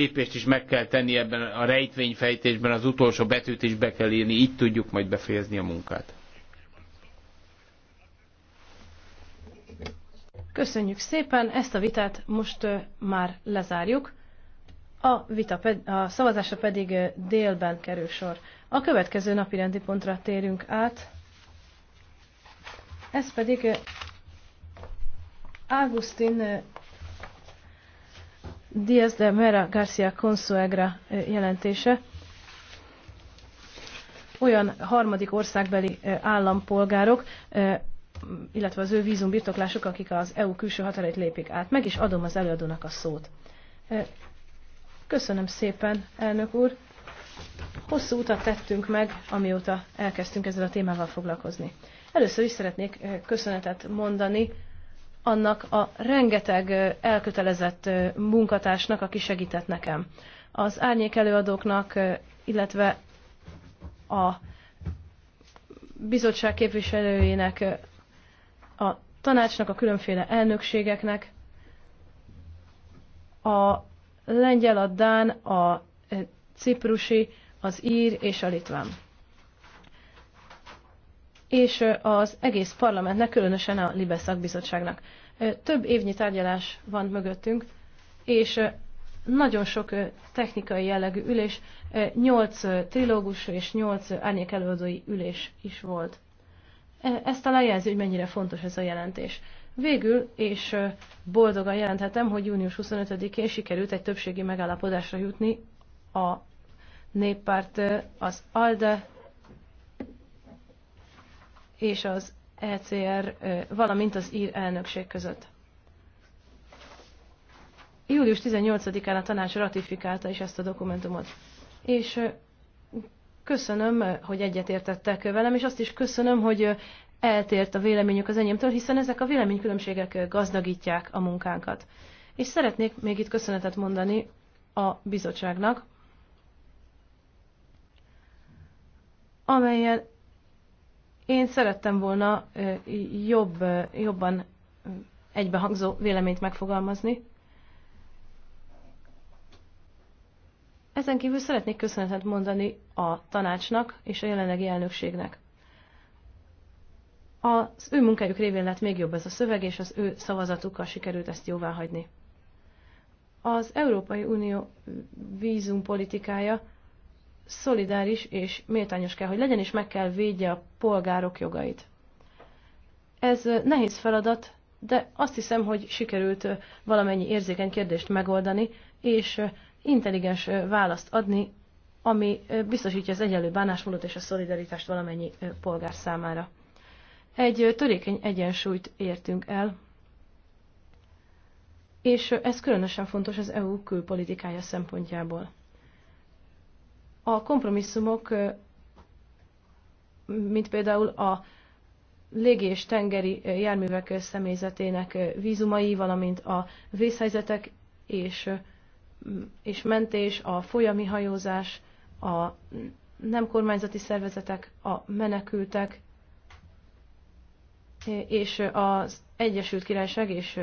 lépést is meg kell tenni ebben a rejtvényfejtésben, az utolsó betűt is be kell írni, így tudjuk majd befejezni a munkát. Köszönjük szépen, ezt a vitát most már lezárjuk. A, vita ped- a szavazásra pedig délben kerül sor. A következő napi rendi pontra térünk át. Ez pedig Augustin Díaz de Mera García Consuegra jelentése olyan harmadik országbeli állampolgárok, illetve az ő vízum birtoklásuk, akik az EU külső határait lépik át. Meg is adom az előadónak a szót. Köszönöm szépen, elnök úr. Hosszú utat tettünk meg, amióta elkezdtünk ezzel a témával foglalkozni. Először is szeretnék köszönetet mondani annak a rengeteg elkötelezett munkatársnak, aki segített nekem. Az árnyék előadóknak, illetve a bizottság képviselőjének, a tanácsnak, a különféle elnökségeknek, a lengyel, a dán, a ciprusi, az ír és a litván és az egész parlamentnek, különösen a Libe szakbizottságnak. Több évnyi tárgyalás van mögöttünk, és nagyon sok technikai jellegű ülés, 8 trilógus és 8 árnyék előadói ülés is volt. Ezt talán jelzi, hogy mennyire fontos ez a jelentés. Végül, és boldogan jelenthetem, hogy június 25-én sikerült egy többségi megállapodásra jutni a néppárt, az ALDE, és az ECR, valamint az ír elnökség között. Július 18-án a tanács ratifikálta is ezt a dokumentumot. És köszönöm, hogy egyetértettek velem, és azt is köszönöm, hogy eltért a véleményük az enyémtől, hiszen ezek a véleménykülönbségek gazdagítják a munkánkat. És szeretnék még itt köszönetet mondani a bizottságnak, amelyen én szerettem volna jobb, jobban egybehangzó véleményt megfogalmazni. Ezen kívül szeretnék köszönetet mondani a tanácsnak és a jelenlegi elnökségnek. Az ő munkájuk révén lett még jobb ez a szöveg, és az ő szavazatukkal sikerült ezt jóvá hagyni. Az Európai Unió vízumpolitikája szolidáris és méltányos kell, hogy legyen, és meg kell védje a polgárok jogait. Ez nehéz feladat, de azt hiszem, hogy sikerült valamennyi érzékeny kérdést megoldani, és intelligens választ adni, ami biztosítja az egyenlő bánásmódot és a szolidaritást valamennyi polgár számára. Egy törékeny egyensúlyt értünk el, és ez különösen fontos az EU külpolitikája szempontjából. A kompromisszumok, mint például a légi és tengeri járművek személyzetének vízumai, valamint a vészhelyzetek és, és mentés, a folyami hajózás, a nem kormányzati szervezetek, a menekültek, és az Egyesült Királyság és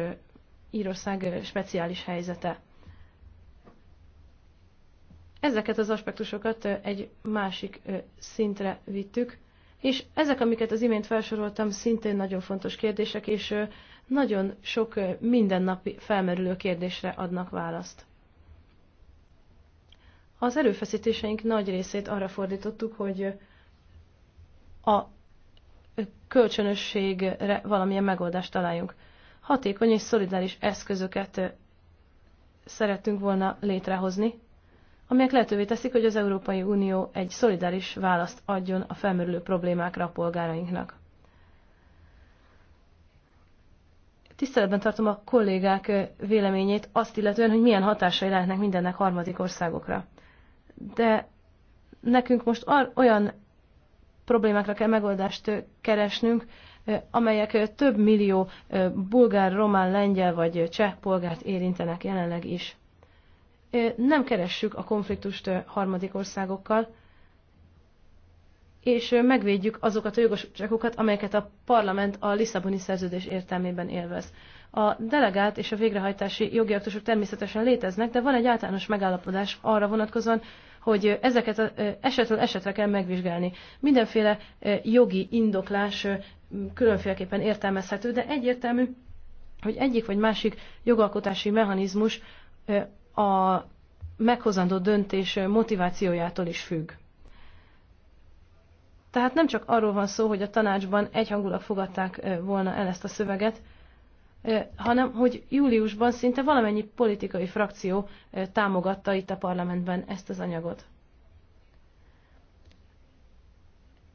Írország speciális helyzete ezeket az aspektusokat egy másik szintre vittük, és ezek, amiket az imént felsoroltam, szintén nagyon fontos kérdések, és nagyon sok mindennapi felmerülő kérdésre adnak választ. Az erőfeszítéseink nagy részét arra fordítottuk, hogy a kölcsönösségre valamilyen megoldást találjunk. Hatékony és szolidáris eszközöket szerettünk volna létrehozni, amelyek lehetővé teszik, hogy az Európai Unió egy szolidáris választ adjon a felmerülő problémákra a polgárainknak. Tiszteletben tartom a kollégák véleményét azt illetően, hogy milyen hatásai lehetnek mindennek harmadik országokra. De nekünk most olyan problémákra kell megoldást keresnünk, amelyek több millió bulgár, román, lengyel vagy cseh polgárt érintenek jelenleg is nem keressük a konfliktust harmadik országokkal, és megvédjük azokat a jogosultságokat, amelyeket a parlament a Lisszaboni szerződés értelmében élvez. A delegált és a végrehajtási jogi aktusok természetesen léteznek, de van egy általános megállapodás arra vonatkozóan, hogy ezeket esetről esetre kell megvizsgálni. Mindenféle jogi indoklás különféleképpen értelmezhető, de egyértelmű, hogy egyik vagy másik jogalkotási mechanizmus a meghozandó döntés motivációjától is függ. Tehát nem csak arról van szó, hogy a tanácsban egyhangulag fogadták volna el ezt a szöveget, hanem hogy júliusban szinte valamennyi politikai frakció támogatta itt a parlamentben ezt az anyagot.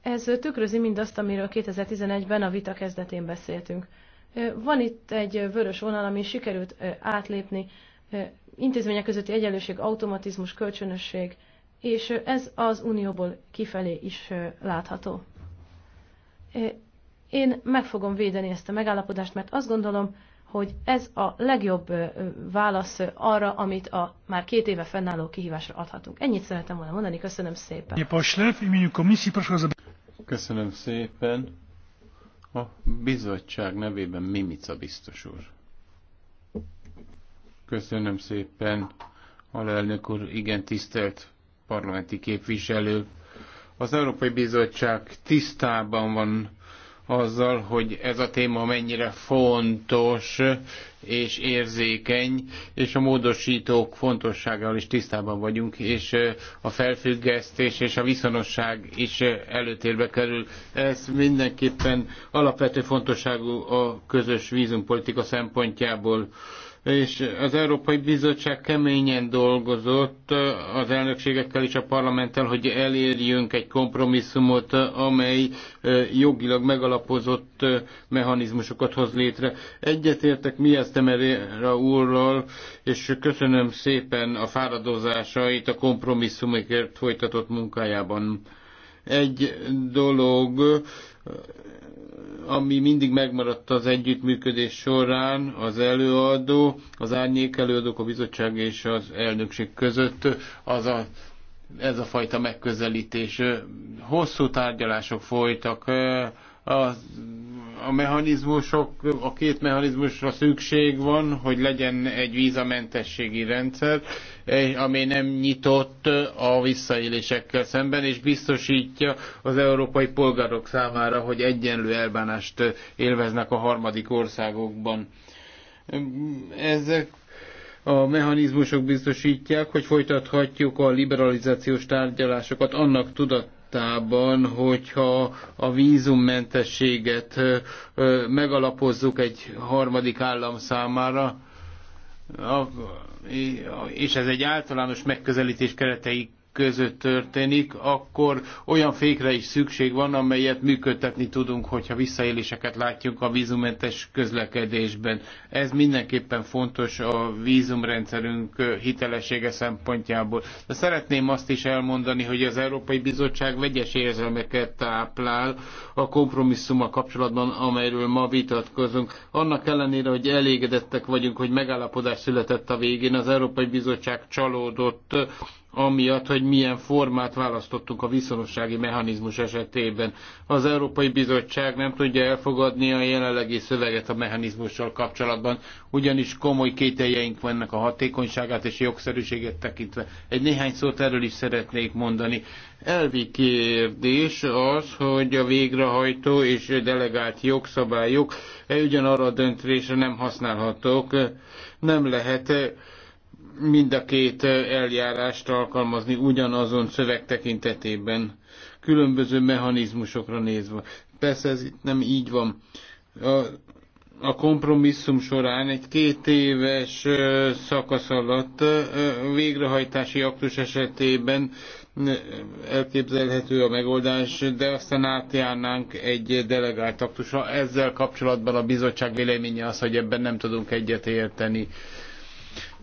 Ez tükrözi mindazt, amiről 2011-ben a vita kezdetén beszéltünk. Van itt egy vörös vonal, ami sikerült átlépni, intézmények közötti egyenlőség, automatizmus, kölcsönösség, és ez az unióból kifelé is látható. Én meg fogom védeni ezt a megállapodást, mert azt gondolom, hogy ez a legjobb válasz arra, amit a már két éve fennálló kihívásra adhatunk. Ennyit szeretem volna mondani, köszönöm szépen. Köszönöm szépen. A bizottság nevében Mimica biztos úr. Köszönöm szépen, alelnök úr, igen tisztelt parlamenti képviselő. Az Európai Bizottság tisztában van azzal, hogy ez a téma mennyire fontos és érzékeny, és a módosítók fontossággal is tisztában vagyunk, és a felfüggesztés és a viszonosság is előtérbe kerül. Ez mindenképpen alapvető fontosságú a közös vízumpolitika szempontjából és az Európai Bizottság keményen dolgozott az elnökségekkel és a parlamenttel, hogy elérjünk egy kompromisszumot, amely jogilag megalapozott mechanizmusokat hoz létre. Egyetértek mi ezt Emerera úrral, és köszönöm szépen a fáradozásait a kompromisszumokért folytatott munkájában. Egy dolog ami mindig megmaradt az együttműködés során az előadó, az árnyék előadók, a bizottság és az elnökség között, az a, ez a fajta megközelítés. Hosszú tárgyalások folytak, a, a mechanizmusok, a két mechanizmusra szükség van, hogy legyen egy vízamentességi rendszer, Eh, ami nem nyitott eh, a visszaélésekkel szemben, és biztosítja az európai polgárok számára, hogy egyenlő elbánást eh, élveznek a harmadik országokban. Ezek a mechanizmusok biztosítják, hogy folytathatjuk a liberalizációs tárgyalásokat annak tudat hogy hogyha a vízummentességet megalapozzuk egy harmadik állam számára, és ez egy általános megközelítés keretei között történik, akkor olyan fékre is szükség van, amelyet működtetni tudunk, hogyha visszaéléseket látjuk a vízumentes közlekedésben. Ez mindenképpen fontos a vízumrendszerünk hitelessége szempontjából. De szeretném azt is elmondani, hogy az Európai Bizottság vegyes érzelmeket táplál a kompromisszuma kapcsolatban, amelyről ma vitatkozunk. Annak ellenére, hogy elégedettek vagyunk, hogy megállapodás született a végén, az Európai Bizottság csalódott amiatt, hogy milyen formát választottunk a viszonossági mechanizmus esetében. Az Európai Bizottság nem tudja elfogadni a jelenlegi szöveget a mechanizmussal kapcsolatban, ugyanis komoly kételjeink vannak a hatékonyságát és jogszerűséget tekintve. Egy néhány szót erről is szeretnék mondani. Elvi kérdés az, hogy a végrehajtó és delegált jogszabályok ugyanarra a döntésre nem használhatók. Nem lehet mind a két eljárást alkalmazni ugyanazon szöveg tekintetében, különböző mechanizmusokra nézve. Persze ez itt nem így van. A, a kompromisszum során egy két éves szakasz alatt végrehajtási aktus esetében elképzelhető a megoldás, de aztán átjárnánk egy delegált aktusra. Ezzel kapcsolatban a bizottság véleménye az, hogy ebben nem tudunk egyet érteni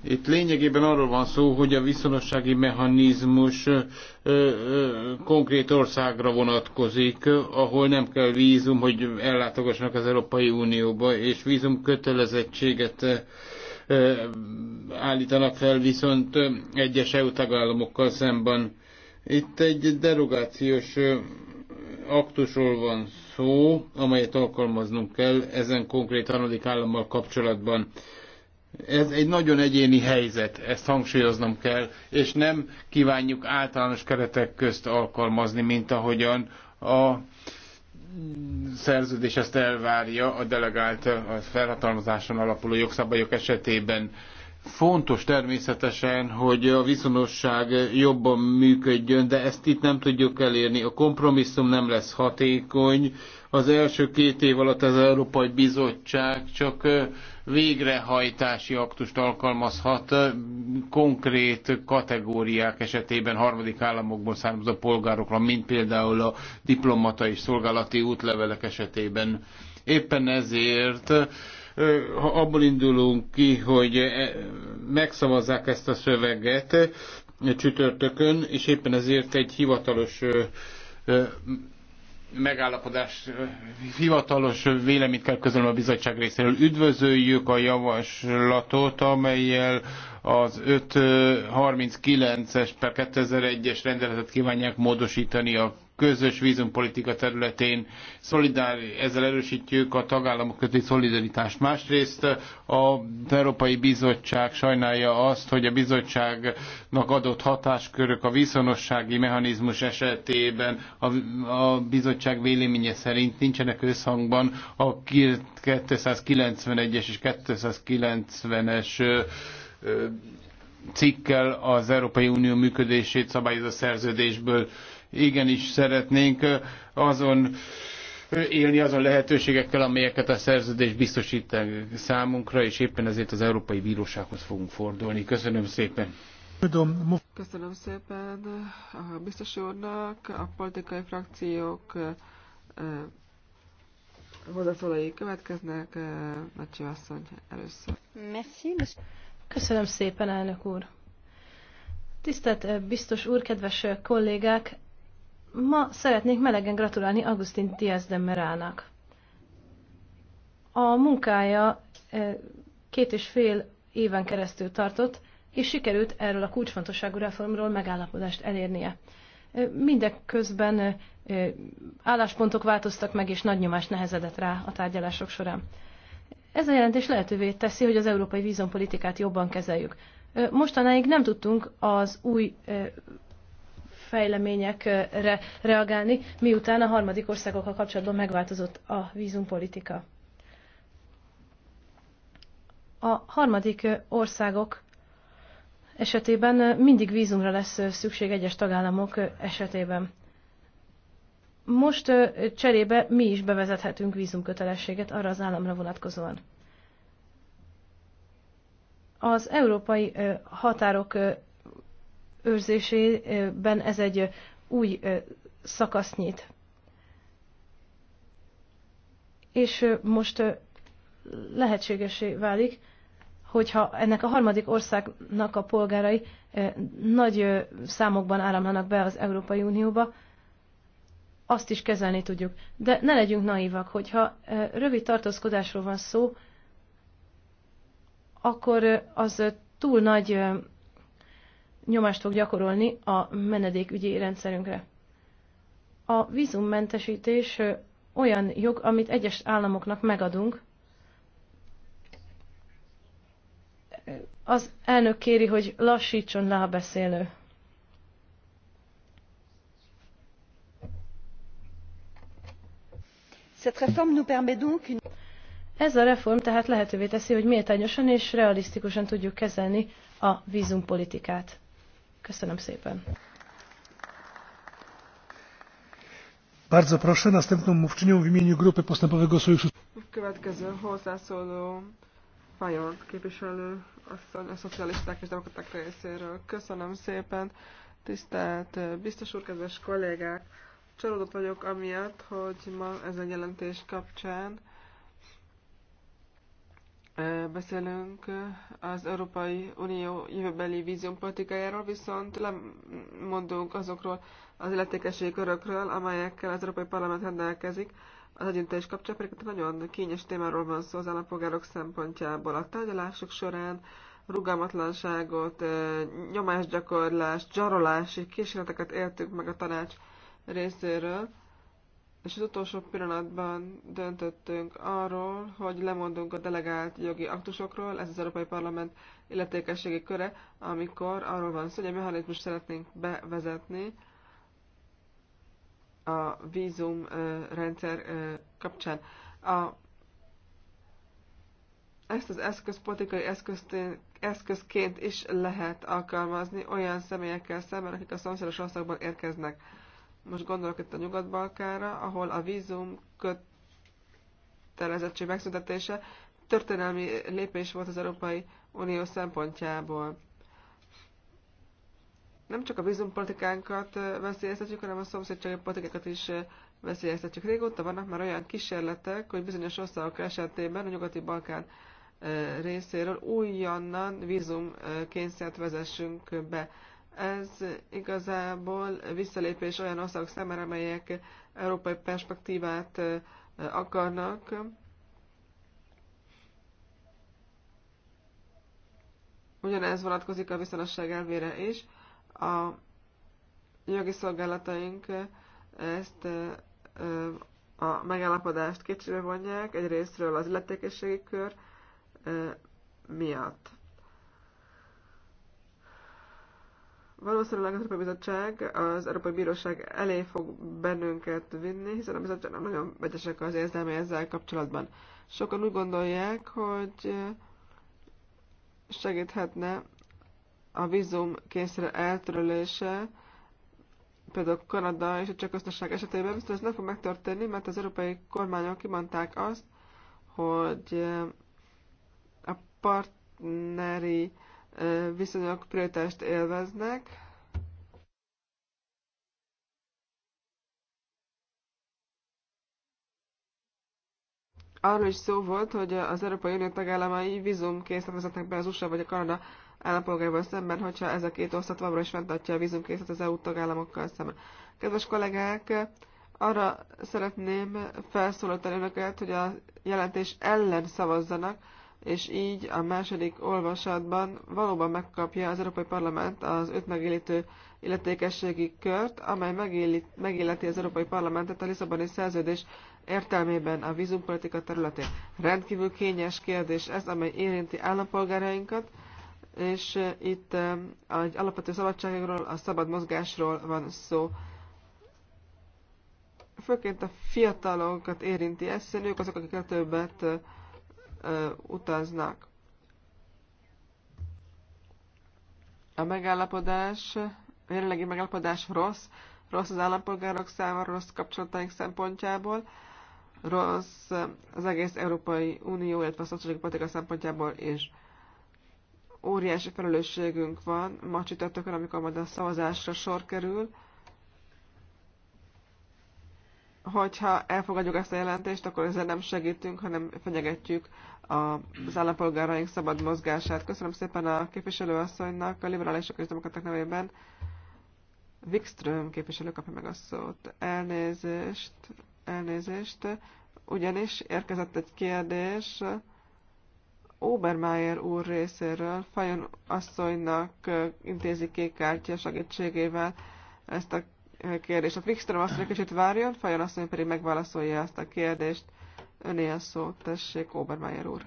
itt lényegében arról van szó, hogy a viszonossági mechanizmus ö, ö, konkrét országra vonatkozik, ahol nem kell vízum, hogy ellátogassanak az Európai Unióba, és vízum kötelezettséget ö, állítanak fel viszont egyes EU tagállamokkal szemben. Itt egy derogációs aktusról van szó, amelyet alkalmaznunk kell ezen konkrét harmadik állammal kapcsolatban. Ez egy nagyon egyéni helyzet, ezt hangsúlyoznom kell, és nem kívánjuk általános keretek közt alkalmazni, mint ahogyan a szerződés ezt elvárja a delegált a felhatalmazáson alapuló jogszabályok esetében. Fontos természetesen, hogy a viszonosság jobban működjön, de ezt itt nem tudjuk elérni. A kompromisszum nem lesz hatékony. Az első két év alatt az Európai Bizottság csak végrehajtási aktust alkalmazhat konkrét kategóriák esetében harmadik államokból származó polgárokra, mint például a diplomata és szolgálati útlevelek esetében. Éppen ezért ha abból indulunk ki, hogy megszavazzák ezt a szöveget csütörtökön, és éppen ezért egy hivatalos megállapodás hivatalos véleményt kell közölni a bizottság részéről. Üdvözöljük a javaslatot, amelyel az 539-es per 2001-es rendeletet kívánják módosítani a közös vízumpolitika területén. Szolidári, ezzel erősítjük a tagállamok közti szolidaritást. Másrészt az Európai Bizottság sajnálja azt, hogy a bizottságnak adott hatáskörök a viszonossági mechanizmus esetében a, a bizottság véleménye szerint nincsenek összhangban a 291-es és 290-es cikkel az Európai Unió működését szabályozó szerződésből igenis szeretnénk azon élni azon lehetőségekkel, amelyeket a szerződés biztosít számunkra, és éppen ezért az Európai Bírósághoz fogunk fordulni. Köszönöm szépen! Köszönöm szépen a biztos úrnak, a politikai frakciók hozzászólói következnek, Nagycsi asszony először. Merci. Köszönöm szépen, elnök úr. Tisztelt biztos úr, kedves kollégák, Ma szeretnék melegen gratulálni Agustin Diaz de Merának. A munkája két és fél éven keresztül tartott, és sikerült erről a kulcsfontosságú reformról megállapodást elérnie. Mindeközben álláspontok változtak meg, és nagy nyomás nehezedett rá a tárgyalások során. Ez a jelentés lehetővé teszi, hogy az európai vízompolitikát jobban kezeljük. Mostanáig nem tudtunk az új fejleményekre reagálni, miután a harmadik országokkal kapcsolatban megváltozott a vízumpolitika. A harmadik országok esetében mindig vízumra lesz szükség egyes tagállamok esetében. Most cserébe mi is bevezethetünk vízumkötelességet arra az államra vonatkozóan. Az európai határok őrzésében ez egy új szakasz nyit. És most lehetségesé válik, hogyha ennek a harmadik országnak a polgárai nagy számokban áramlanak be az Európai Unióba, azt is kezelni tudjuk. De ne legyünk naívak, hogyha rövid tartózkodásról van szó, akkor az túl nagy nyomást fog gyakorolni a menedékügyi rendszerünkre. A vízummentesítés olyan jog, amit egyes államoknak megadunk. Az elnök kéri, hogy lassítson le a beszélő. Ez a reform tehát lehetővé teszi, hogy méltányosan és realisztikusan tudjuk kezelni a vízumpolitikát. Köszönöm szépen. Bardzo proszę, następną mówczynią w imieniu Grupy Postępowego Sojuszu. Következő hozzászóló Fajon képviselő asszony a szocialisták és demokraták részéről. Köszönöm szépen, tisztelt biztos úr, kedves kollégák! Csalódott vagyok amiatt, hogy ma ezen jelentés kapcsán beszélünk az Európai Unió jövőbeli víziumpolitikájáról, viszont lemondunk azokról az illetékesség körökről, amelyekkel az Európai Parlament rendelkezik. Az együttés kapcsán pedig nagyon kényes témáról van szó az állampolgárok szempontjából. A tárgyalások során rugalmatlanságot, nyomásgyakorlást, zsarolási kísérleteket éltünk meg a tanács részéről és az utolsó pillanatban döntöttünk arról, hogy lemondunk a delegált jogi aktusokról, ez az Európai Parlament illetékességi köre, amikor arról van szó, hogy egy mechanizmus szeretnénk bevezetni a vízum rendszer kapcsán. A, ezt az eszköz politikai eszközként, eszközként is lehet alkalmazni olyan személyekkel szemben, akik a szomszédos országban érkeznek most gondolok itt a Nyugat-Balkára, ahol a vízum kötelezettség megszüntetése történelmi lépés volt az Európai Unió szempontjából. Nem csak a vízumpolitikánkat veszélyeztetjük, hanem a szomszédsági politikákat is veszélyeztetjük. Régóta vannak már olyan kísérletek, hogy bizonyos országok esetében a nyugati-balkán részéről újonnan vízum vezessünk be. Ez igazából visszalépés olyan országok számára, amelyek európai perspektívát akarnak. Ugyanez vonatkozik a viszonosság elvére is. A jogi szolgálataink ezt a megállapodást kétségbe vonják, egyrésztről az illetékességi kör miatt. Valószínűleg az Európai Bizottság az Európai Bíróság elé fog bennünket vinni, hiszen a bizottságnak nagyon vegyesek az érzelmei ezzel kapcsolatban. Sokan úgy gondolják, hogy segíthetne a vízum kényszerű eltörölése, például Kanada és a Csehköztársaság esetében, viszont ez nem fog megtörténni, mert az európai kormányok kimondták azt, hogy a partneri Viszonylag prioritást élveznek. Arról is szó volt, hogy az Európai Unió tagállamai vízumkészlet vezetnek be az USA vagy a Kanada állampolgárval szemben, hogyha ez a két osztat továbbra is fenntartja a vízumkészlet az EU tagállamokkal szemben. Kedves kollégák, arra szeretném felszólítani önöket, hogy a jelentés ellen szavazzanak, és így a második olvasatban valóban megkapja az Európai Parlament az öt megélítő illetékességi kört, amely megilleti az Európai Parlamentet a Lisszaboni szerződés értelmében a vízumpolitika területén. Rendkívül kényes kérdés ez, amely érinti állampolgárainkat, és itt egy alapvető szabadságról, a szabad mozgásról van szó. Főként a fiatalokat érinti ez, ők azok, akik a többet utaznak. A megállapodás, a jelenlegi megállapodás rossz, rossz az állampolgárok számára, rossz kapcsolataink szempontjából, rossz az egész Európai Unió, illetve a politika szempontjából is. Óriási felelősségünk van ma csütörtökön, amikor majd a szavazásra sor kerül, hogyha elfogadjuk ezt a jelentést, akkor ezzel nem segítünk, hanem fenyegetjük az állampolgáraink szabad mozgását. Köszönöm szépen a képviselőasszonynak, a liberálisok és demokraták nevében. Wikström képviselő kapja meg a szót. Elnézést, elnézést. Ugyanis érkezett egy kérdés Obermeier úr részéről, Fajon asszonynak intézi kék kártya segítségével ezt a kérdést. A Wikström azt, hogy kicsit várjon, Fajon azt, mondja, pedig megválaszolja ezt a kérdést. Öné a szó, tessék, Obermeier úr.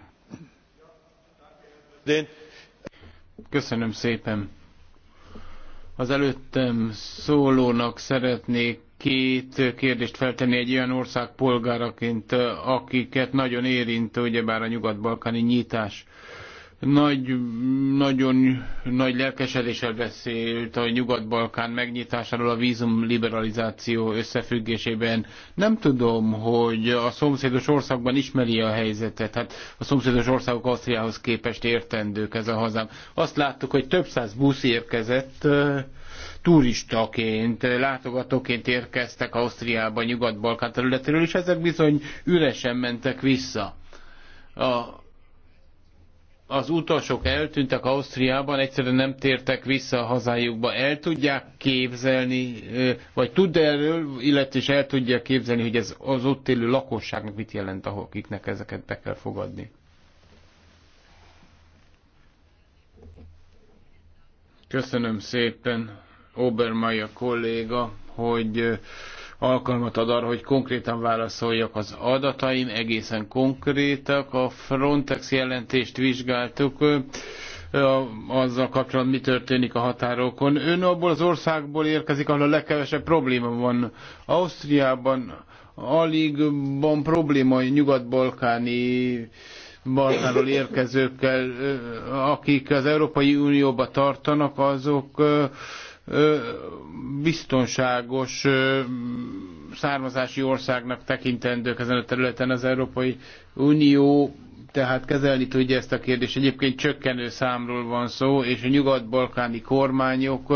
Köszönöm szépen. Az előttem szólónak szeretnék két kérdést feltenni egy olyan ország polgáraként, akiket nagyon érint, ugyebár a nyugat-balkáni nyitás nagy, nagyon nagy lelkesedéssel beszélt a Nyugat-Balkán megnyitásáról a vízum liberalizáció összefüggésében. Nem tudom, hogy a szomszédos országban ismeri a helyzetet. Hát a szomszédos országok Ausztriához képest értendők ez a hazám. Azt láttuk, hogy több száz busz érkezett turistaként, látogatóként érkeztek Ausztriába, Nyugat-Balkán területéről, és ezek bizony üresen mentek vissza. A, az utasok eltűntek Ausztriában, egyszerűen nem tértek vissza a hazájukba. El tudják képzelni, vagy tud erről, illetve is el tudják képzelni, hogy ez az ott élő lakosságnak mit jelent, akiknek ezeket be kell fogadni. Köszönöm szépen, Obermeier kolléga, hogy alkalmat ad arra, hogy konkrétan válaszoljak. Az adataim egészen konkrétak, a Frontex jelentést vizsgáltuk, azzal kapcsolatban mi történik a határokon. Ön abból az országból érkezik, ahol a legkevesebb probléma van. Ausztriában alig van probléma a nyugat-balkáni Balkánról érkezőkkel, akik az Európai Unióba tartanak, azok biztonságos származási országnak tekintendők ezen a területen az Európai Unió tehát kezelni tudja ezt a kérdést. Egyébként csökkenő számról van szó, és a nyugat-balkáni kormányok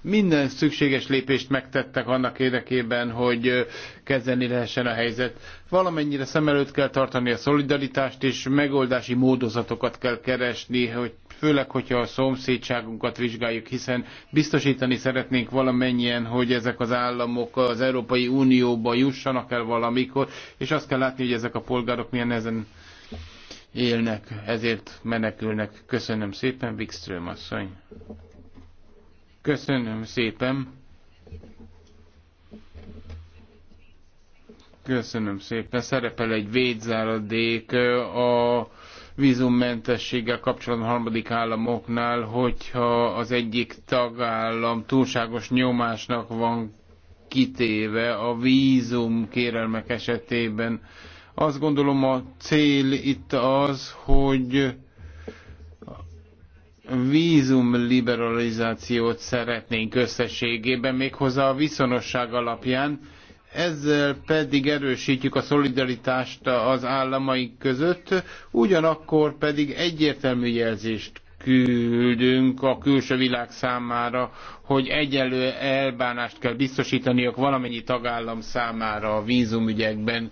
minden szükséges lépést megtettek annak érdekében, hogy kezelni lehessen a helyzet. Valamennyire szem előtt kell tartani a szolidaritást, és megoldási módozatokat kell keresni, hogy főleg, hogyha a szomszédságunkat vizsgáljuk, hiszen biztosítani szeretnénk valamennyien, hogy ezek az államok az Európai Unióba jussanak el valamikor, és azt kell látni, hogy ezek a polgárok milyen ezen élnek, ezért menekülnek. Köszönöm szépen, Wikström asszony. Köszönöm szépen. Köszönöm szépen. Szerepel egy védzáradék a vízummentességgel kapcsolatban harmadik államoknál, hogyha az egyik tagállam túlságos nyomásnak van kitéve a vízum kérelmek esetében. Azt gondolom a cél itt az, hogy vízum liberalizációt szeretnénk összességében, méghozzá a viszonosság alapján, ezzel pedig erősítjük a szolidaritást az államaink között, ugyanakkor pedig egyértelmű jelzést küldünk a külső világ számára, hogy egyelő elbánást kell biztosítaniak valamennyi tagállam számára a vízumügyekben.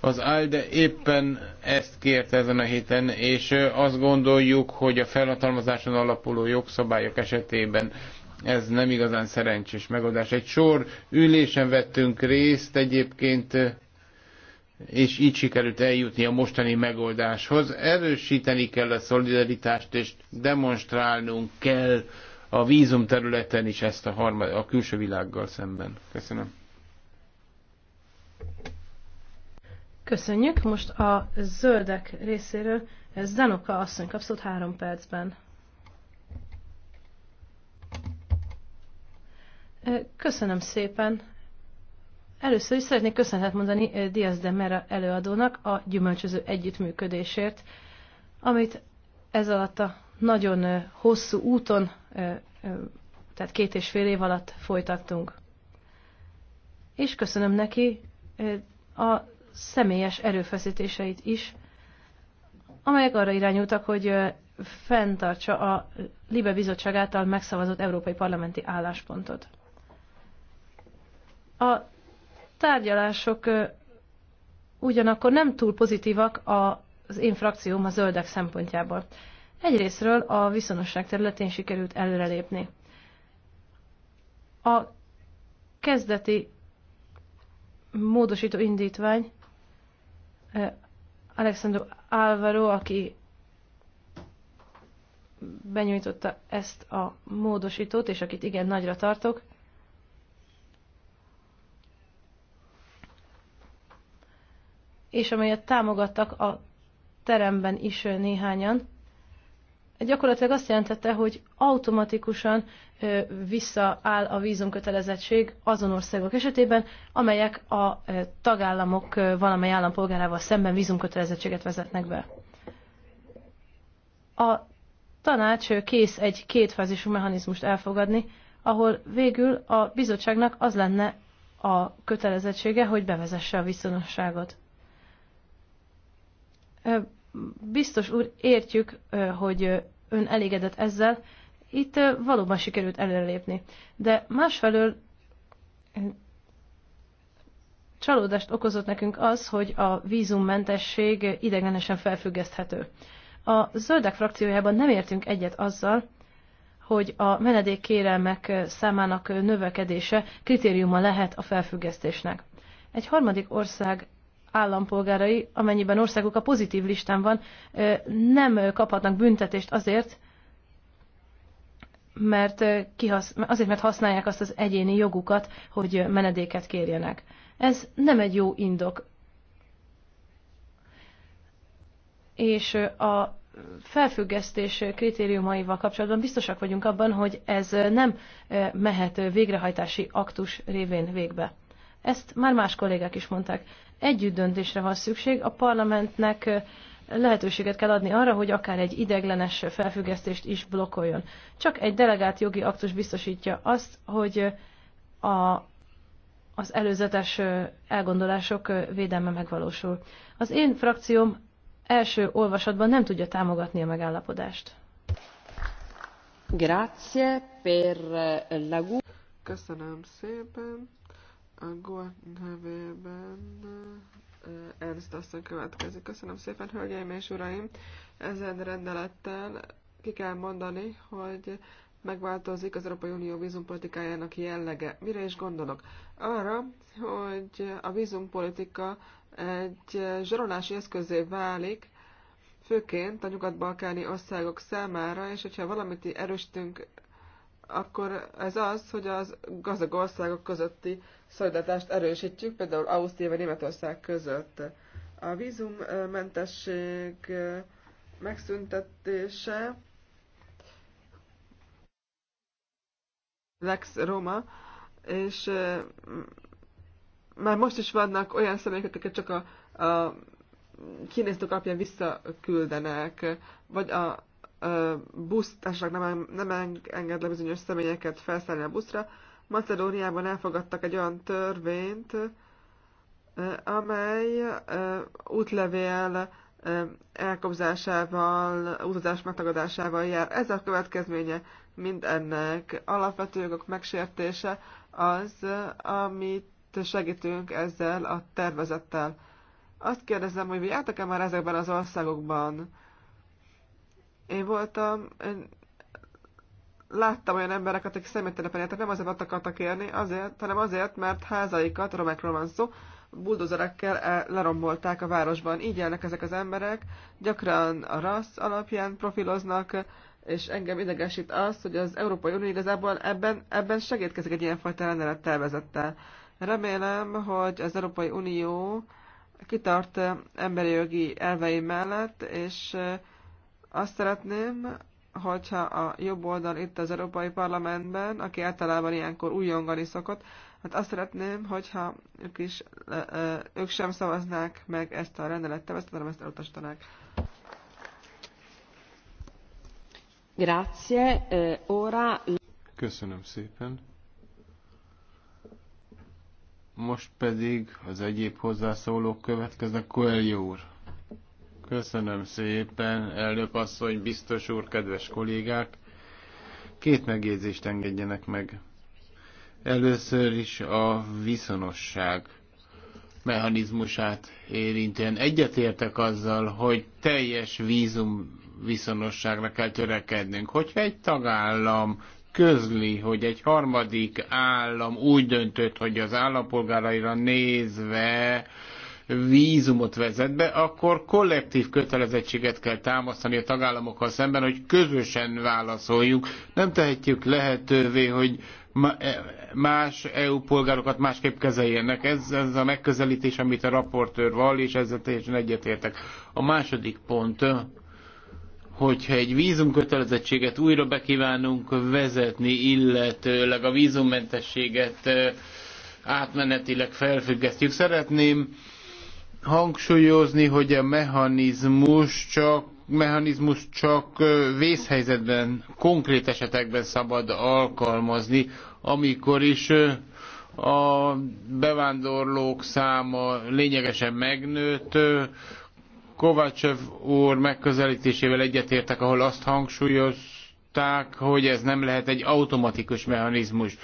Az ALDE éppen ezt kérte ezen a héten, és azt gondoljuk, hogy a felhatalmazáson alapuló jogszabályok esetében ez nem igazán szerencsés megoldás. Egy sor ülésen vettünk részt egyébként, és így sikerült eljutni a mostani megoldáshoz. Erősíteni kell a szolidaritást, és demonstrálnunk kell a vízum területen is ezt a, harmad, a külső világgal szemben. Köszönöm. Köszönjük. Most a zöldek részéről Ez Zanoka asszony kapszott három percben. Köszönöm szépen. Először is szeretnék köszönetet mondani Diaz de Mera előadónak a gyümölcsöző együttműködésért, amit ez alatt a nagyon hosszú úton, tehát két és fél év alatt folytattunk. És köszönöm neki a személyes erőfeszítéseit is, amelyek arra irányultak, hogy fenntartsa a Libe Bizottság által megszavazott európai parlamenti álláspontot. A tárgyalások ugyanakkor nem túl pozitívak az én frakcióm a zöldek szempontjából. Egyrésztről a viszonosság területén sikerült előrelépni. A kezdeti módosító indítvány Alexandro Álvaro, aki benyújtotta ezt a módosítót, és akit igen nagyra tartok, és amelyet támogattak a teremben is néhányan, gyakorlatilag azt jelentette, hogy automatikusan visszaáll a vízumkötelezettség azon országok esetében, amelyek a tagállamok valamely állampolgárával szemben vízumkötelezettséget vezetnek be. A tanács kész egy kétfázisú mechanizmust elfogadni, ahol végül a bizottságnak az lenne a kötelezettsége, hogy bevezesse a viszonosságot. Biztos úr, értjük, hogy ön elégedett ezzel. Itt valóban sikerült előrelépni. De másfelől csalódást okozott nekünk az, hogy a vízummentesség idegenesen felfüggeszthető. A zöldek frakciójában nem értünk egyet azzal, hogy a menedékkérelmek számának növekedése kritériuma lehet a felfüggesztésnek. Egy harmadik ország állampolgárai, amennyiben országuk a pozitív listán van, nem kaphatnak büntetést azért, mert, kihasz, azért, mert használják azt az egyéni jogukat, hogy menedéket kérjenek. Ez nem egy jó indok. És a felfüggesztés kritériumaival kapcsolatban biztosak vagyunk abban, hogy ez nem mehet végrehajtási aktus révén végbe. Ezt már más kollégák is mondták. Együtt döntésre van szükség, a parlamentnek lehetőséget kell adni arra, hogy akár egy ideglenes felfüggesztést is blokkoljon. Csak egy delegált jogi aktus biztosítja azt, hogy a, az előzetes elgondolások védelme megvalósul. Az én frakcióm első olvasatban nem tudja támogatni a megállapodást. Grazie per la... Köszönöm szépen a nevében Ernst asszony következik. Köszönöm szépen, hölgyeim és uraim! Ezen rendelettel ki kell mondani, hogy megváltozik az Európai Unió vízumpolitikájának jellege. Mire is gondolok? Arra, hogy a vízumpolitika egy zsarolási eszközé válik, főként a nyugat-balkáni országok számára, és hogyha valamit erősítünk akkor ez az, hogy az gazdag országok közötti szolidaritást erősítjük, például Ausztria vagy Németország között. A vízummentesség megszüntetése Lex Roma, és már most is vannak olyan személyek, akiket csak a, a kínésztől alapján visszaküldenek, vagy a busztársaság nem, nem enged le bizonyos személyeket felszállni a buszra, Macedóniában elfogadtak egy olyan törvényt, amely útlevél elkobzásával, utazás megtagadásával jár. Ez a következménye mindennek. Alapvető jogok megsértése az, amit segítünk ezzel a tervezettel. Azt kérdezem, hogy jártak-e már ezekben az országokban? Én voltam, én láttam olyan embereket, akik személytelepen éltek, nem azért akartak élni, azért, hanem azért, mert házaikat, romákról van szó, buldozerekkel eh, lerombolták a városban. Így élnek ezek az emberek, gyakran a rassz alapján profiloznak, és engem idegesít az, hogy az Európai Unió igazából ebben, ebben segítkezik egy ilyenfajta rendelet tervezettel. Remélem, hogy az Európai Unió kitart emberi jogi elvei mellett, és eh, azt szeretném, hogyha a jobb oldal itt az Európai Parlamentben, aki általában ilyenkor újongani szokott, hát azt szeretném, hogyha ők is, ők sem szavaznák meg ezt a rendelettervezetet, hanem ezt elutasítanák. Grazie. Ora... Köszönöm szépen. Most pedig az egyéb hozzászólók következnek. Coelho úr. Köszönöm szépen, elnök asszony, biztos úr, kedves kollégák. Két megjegyzést engedjenek meg. Először is a viszonosság mechanizmusát érintően egyetértek azzal, hogy teljes vízum viszonosságra kell törekednünk. Hogyha egy tagállam közli, hogy egy harmadik állam úgy döntött, hogy az állampolgáraira nézve vízumot vezet be, akkor kollektív kötelezettséget kell támasztani a tagállamokkal szemben, hogy közösen válaszoljuk. Nem tehetjük lehetővé, hogy e- más EU polgárokat másképp kezeljenek. Ez, ez a megközelítés, amit a raportőr vall, és ezzel teljesen egyetértek. A második pont, hogyha egy vízumkötelezettséget újra bekívánunk vezetni, illetőleg a vízummentességet átmenetileg felfüggesztjük. Szeretném hangsúlyozni, hogy a mechanizmus csak mechanizmus csak vészhelyzetben, konkrét esetekben szabad alkalmazni, amikor is a bevándorlók száma lényegesen megnőtt. Kovácsev úr megközelítésével egyetértek, ahol azt hangsúlyozták, hogy ez nem lehet egy automatikus mechanizmus.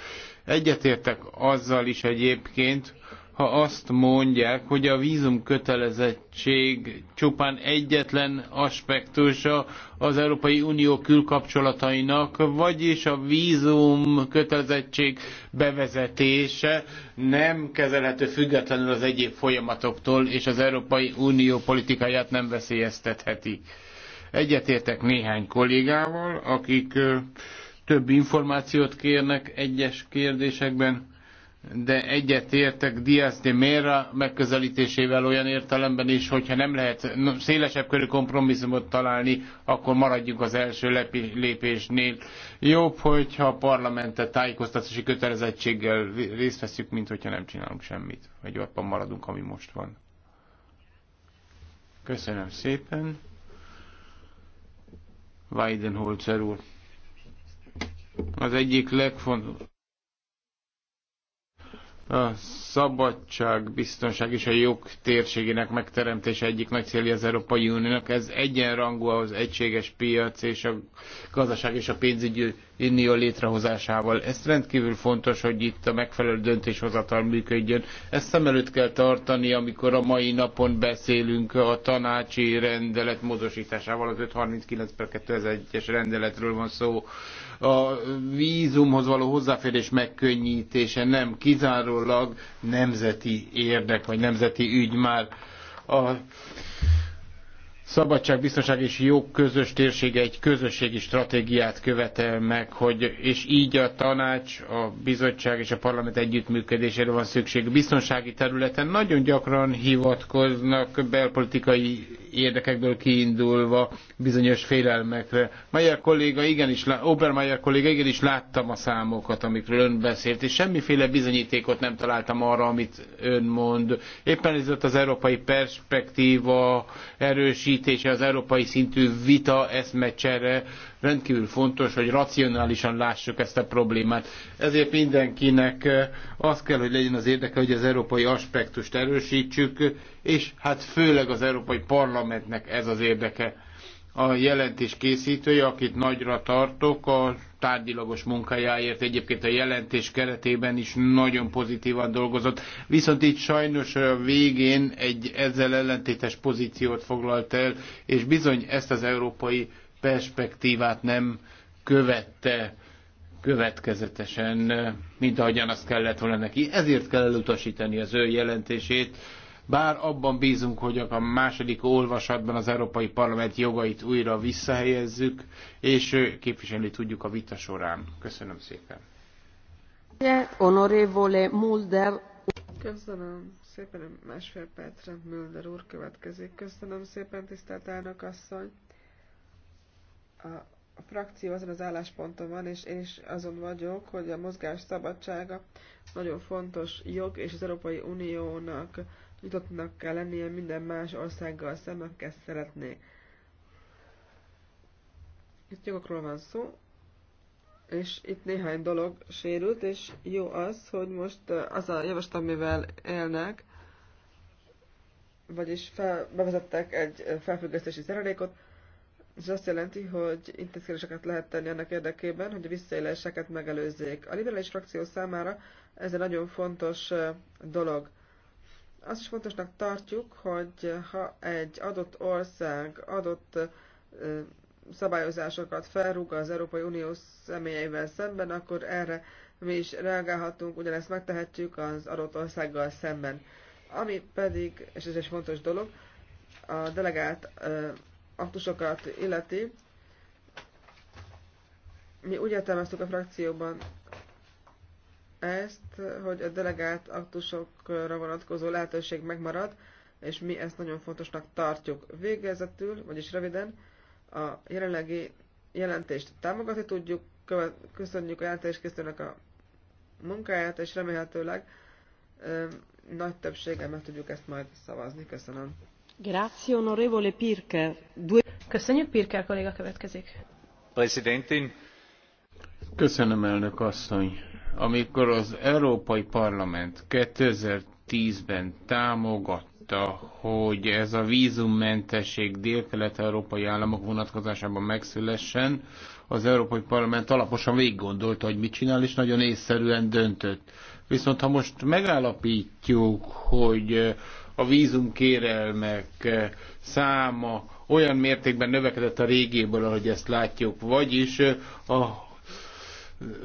Egyetértek azzal is egyébként, ha azt mondják, hogy a vízum kötelezettség csupán egyetlen aspektusa az Európai Unió külkapcsolatainak, vagyis a vízum kötelezettség bevezetése nem kezelhető függetlenül az egyéb folyamatoktól, és az Európai Unió politikáját nem veszélyeztetheti. Egyetértek néhány kollégával, akik több információt kérnek egyes kérdésekben de egyetértek Diaz de Mera megközelítésével olyan értelemben is, hogyha nem lehet szélesebb körű kompromisszumot találni, akkor maradjunk az első lépésnél. Jobb, hogyha a parlamentet tájékoztatási kötelezettséggel részt veszük, mint hogyha nem csinálunk semmit, vagy abban maradunk, ami most van. Köszönöm szépen. Weidenholzer úr. Az egyik legfontosabb a szabadság, biztonság és a jog térségének megteremtése egyik nagy célja az Európai Uniónak. Ez egyenrangú az egységes piac és a gazdaság és a pénzügyi unió létrehozásával. Ezt rendkívül fontos, hogy itt a megfelelő döntéshozatal működjön. Ezt szem előtt kell tartani, amikor a mai napon beszélünk a tanácsi rendelet módosításával, az 539 per 2001-es rendeletről van szó a vízumhoz való hozzáférés megkönnyítése nem kizárólag nemzeti érdek, vagy nemzeti ügy már a szabadság, biztonság és jog közös térsége egy közösségi stratégiát követel meg, hogy, és így a tanács, a bizottság és a parlament együttműködésére van szükség. Biztonsági területen nagyon gyakran hivatkoznak belpolitikai érdekekből kiindulva bizonyos félelmekre. Mayer kolléga igenis, Obermeyer kolléga igenis láttam a számokat, amikről ön beszélt, és semmiféle bizonyítékot nem találtam arra, amit ön mond. Éppen ez ott az európai perspektíva erősítése, az európai szintű vita eszmecsere, rendkívül fontos, hogy racionálisan lássuk ezt a problémát. Ezért mindenkinek eh, az kell, hogy legyen az érdeke, hogy az európai aspektust erősítsük, és hát főleg az Európai Parlamentnek ez az érdeke. A jelentés készítője, akit nagyra tartok, a tárgyilagos munkájáért egyébként a jelentés keretében is nagyon pozitívan dolgozott. Viszont itt sajnos a végén egy ezzel ellentétes pozíciót foglalt el, és bizony ezt az európai perspektívát nem követte következetesen, mint ahogyan azt kellett volna neki. Ezért kell elutasítani az ő jelentését, bár abban bízunk, hogy a második olvasatban az Európai Parlament jogait újra visszahelyezzük, és képviselni tudjuk a vita során. Köszönöm szépen. Honorevole Mulder. Köszönöm szépen, másfél percre Mulder úr következik. Köszönöm szépen, tisztelt elnök asszony a frakció azon az állásponton van, és én is azon vagyok, hogy a mozgás szabadsága nagyon fontos jog, és az Európai Uniónak nyitottnak kell lennie minden más országgal szemben, akik ezt szeretnék. Itt jogokról van szó, és itt néhány dolog sérült, és jó az, hogy most eh, az a javaslat, amivel élnek, vagyis fel, bevezettek egy eh, felfüggesztési szerelékot, ez azt jelenti, hogy intézkedéseket lehet tenni annak érdekében, hogy a visszaéléseket megelőzzék. A liberális frakció számára ez egy nagyon fontos dolog. Azt is fontosnak tartjuk, hogy ha egy adott ország adott szabályozásokat felrúg az Európai Unió személyeivel szemben, akkor erre mi is reagálhatunk, ugyanezt megtehetjük az adott országgal szemben. Ami pedig, és ez egy fontos dolog, a delegált aktusokat illeti, mi úgy értelmeztük a frakcióban ezt, hogy a delegált aktusokra vonatkozó lehetőség megmarad, és mi ezt nagyon fontosnak tartjuk. Végezetül, vagyis röviden, a jelenlegi jelentést támogatni tudjuk, köszönjük a jelentéskészítőnek a munkáját, és remélhetőleg ö, nagy többséggel meg tudjuk ezt majd szavazni. Köszönöm. Grazie, onorevole Pirker. Due... Köszönjük, Pirker kolléga következik. Presidentin. Köszönöm, elnök asszony. Amikor az Európai Parlament 2010-ben támogatta, hogy ez a vízummentesség dél-kelet-európai államok vonatkozásában megszülessen, az Európai Parlament alaposan végiggondolta, hogy mit csinál, és nagyon észszerűen döntött. Viszont ha most megállapítjuk, hogy a vízumkérelmek eh, száma olyan mértékben növekedett a régéből, ahogy ezt látjuk. Vagyis eh, a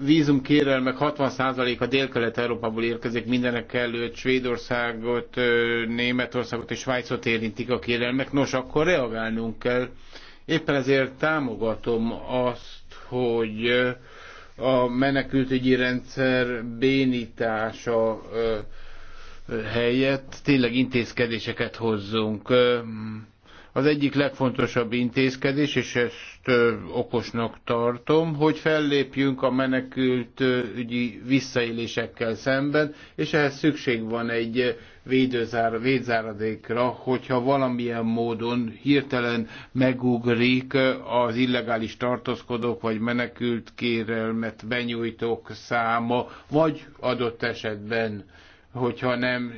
vízumkérelmek 60%-a Dél-Kelet-Európából érkezik, mindenek előtt Svédországot, eh, Németországot és Svájcot érintik a kérelmek. Nos, akkor reagálnunk kell. Éppen ezért támogatom azt, hogy a menekültügyi rendszer bénítása helyett tényleg intézkedéseket hozzunk. Az egyik legfontosabb intézkedés, és ezt okosnak tartom, hogy fellépjünk a menekült ügyi visszaélésekkel szemben, és ehhez szükség van egy védzáradékra, hogyha valamilyen módon hirtelen megugrik az illegális tartózkodók vagy menekült kérelmet benyújtók száma, vagy adott esetben hogyha nem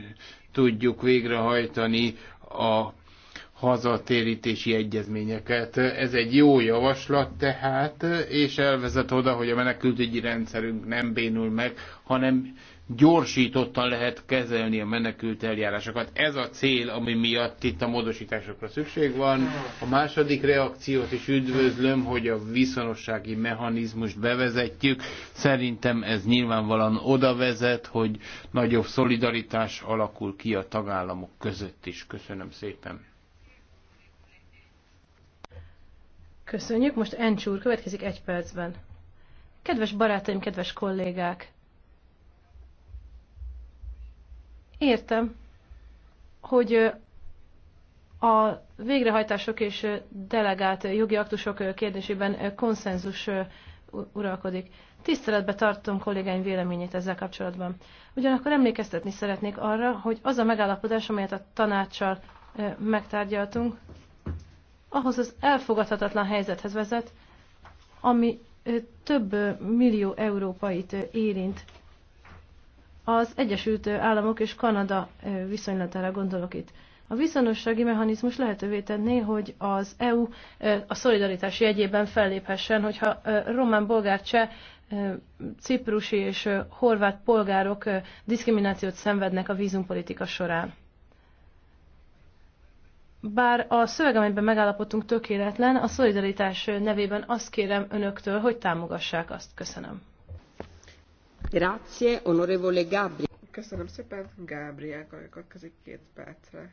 tudjuk végrehajtani a hazatérítési egyezményeket. Ez egy jó javaslat tehát, és elvezet oda, hogy a menekültügyi rendszerünk nem bénul meg, hanem gyorsítottan lehet kezelni a menekült eljárásokat. Ez a cél, ami miatt itt a módosításokra szükség van. A második reakciót is üdvözlöm, hogy a viszonossági mechanizmust bevezetjük. Szerintem ez nyilvánvalóan oda vezet, hogy nagyobb szolidaritás alakul ki a tagállamok között is. Köszönöm szépen. Köszönjük, most Encsúr következik egy percben. Kedves barátaim, kedves kollégák! Értem, hogy a végrehajtások és delegált jogi aktusok kérdésében konszenzus uralkodik. Tiszteletbe tartom kollégáim véleményét ezzel kapcsolatban. Ugyanakkor emlékeztetni szeretnék arra, hogy az a megállapodás, amelyet a tanácssal megtárgyaltunk, ahhoz az elfogadhatatlan helyzethez vezet, ami több millió európait érint. Az Egyesült Államok és Kanada viszonylatára gondolok itt. A viszonossági mechanizmus lehetővé tenné, hogy az EU a szolidaritás jegyében felléphessen, hogyha román, bolgár, cseh, ciprusi és horvát polgárok diszkriminációt szenvednek a vízumpolitika során. Bár a szöveg, amelyben megállapodtunk tökéletlen, a szolidaritás nevében azt kérem önöktől, hogy támogassák azt. Köszönöm. Köszönöm szépen, Gábriel két percre.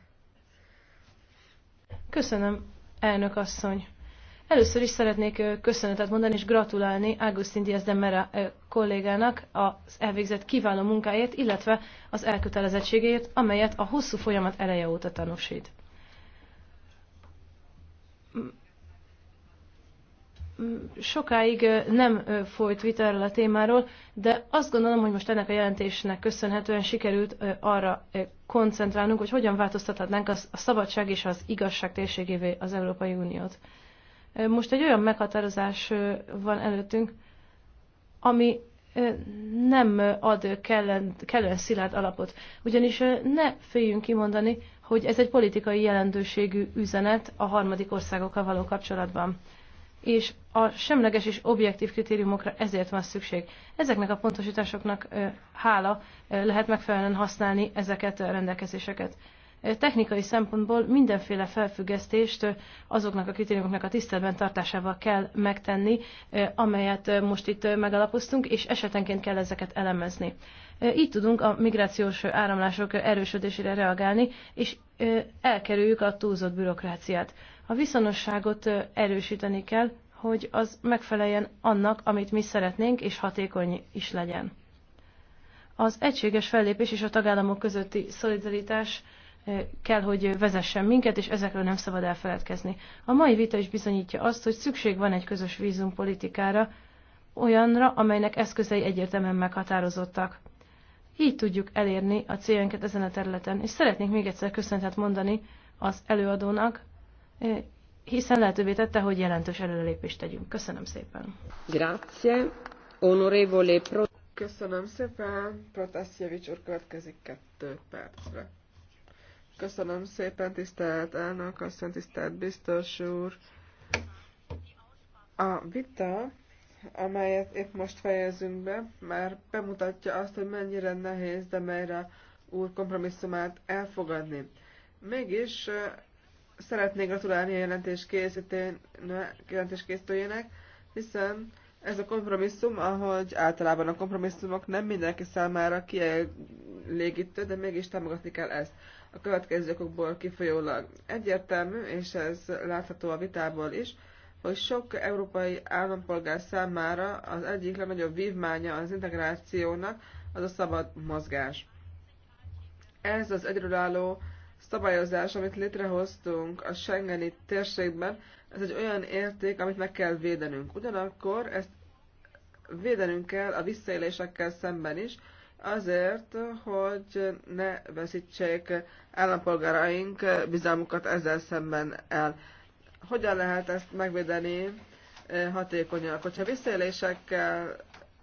Köszönöm, elnök asszony. Először is szeretnék köszönetet mondani és gratulálni Agustin Díaz de Mera kollégának az elvégzett kiváló munkáért, illetve az elkötelezettségéért, amelyet a hosszú folyamat eleje óta tanúsít sokáig nem folyt vita erről a témáról, de azt gondolom, hogy most ennek a jelentésnek köszönhetően sikerült arra koncentrálnunk, hogy hogyan változtathatnánk a szabadság és az igazság térségévé az Európai Uniót. Most egy olyan meghatározás van előttünk, ami nem ad kellen, kellően szilárd alapot. Ugyanis ne féljünk kimondani, hogy ez egy politikai jelentőségű üzenet a harmadik országokkal való kapcsolatban és a semleges és objektív kritériumokra ezért van szükség. Ezeknek a pontosításoknak hála lehet megfelelően használni ezeket a rendelkezéseket. Technikai szempontból mindenféle felfüggesztést azoknak a kritériumoknak a tiszteletben tartásával kell megtenni, amelyet most itt megalapoztunk, és esetenként kell ezeket elemezni. Így tudunk a migrációs áramlások erősödésére reagálni, és elkerüljük a túlzott bürokráciát. A viszonosságot erősíteni kell, hogy az megfeleljen annak, amit mi szeretnénk, és hatékony is legyen. Az egységes fellépés és a tagállamok közötti szolidaritás kell, hogy vezessen minket, és ezekről nem szabad elfeledkezni. A mai vita is bizonyítja azt, hogy szükség van egy közös vízumpolitikára, olyanra, amelynek eszközei egyértelműen meghatározottak. Így tudjuk elérni a céljainkat ezen a területen, és szeretnék még egyszer köszönetet mondani az előadónak, hiszen lehetővé tette, hogy jelentős előrelépést tegyünk. Köszönöm szépen. Grazie. Onorevole Pro... Köszönöm szépen. Protasjevics úr következik kettő percre. Köszönöm szépen, tisztelt elnök, aztán tisztelt biztos úr. A vita, amelyet épp most fejezünk be, már bemutatja azt, hogy mennyire nehéz de melyre úr kompromisszumát elfogadni. Mégis Szeretnék gratulálni a jelentés jelentéskészítőjének, hiszen ez a kompromisszum, ahogy általában a kompromisszumok nem mindenki számára kielégítő, de mégis támogatni kell ezt a következő okokból kifolyólag. Egyértelmű, és ez látható a vitából is, hogy sok európai állampolgár számára az egyik legnagyobb vívmánya az integrációnak az a szabad mozgás. Ez az egyről álló szabályozás, amit létrehoztunk a Schengeni térségben, ez egy olyan érték, amit meg kell védenünk. Ugyanakkor ezt védenünk kell a visszaélésekkel szemben is, azért, hogy ne veszítsék állampolgáraink bizalmukat ezzel szemben el. Hogyan lehet ezt megvédeni eh, hatékonyan? Hogyha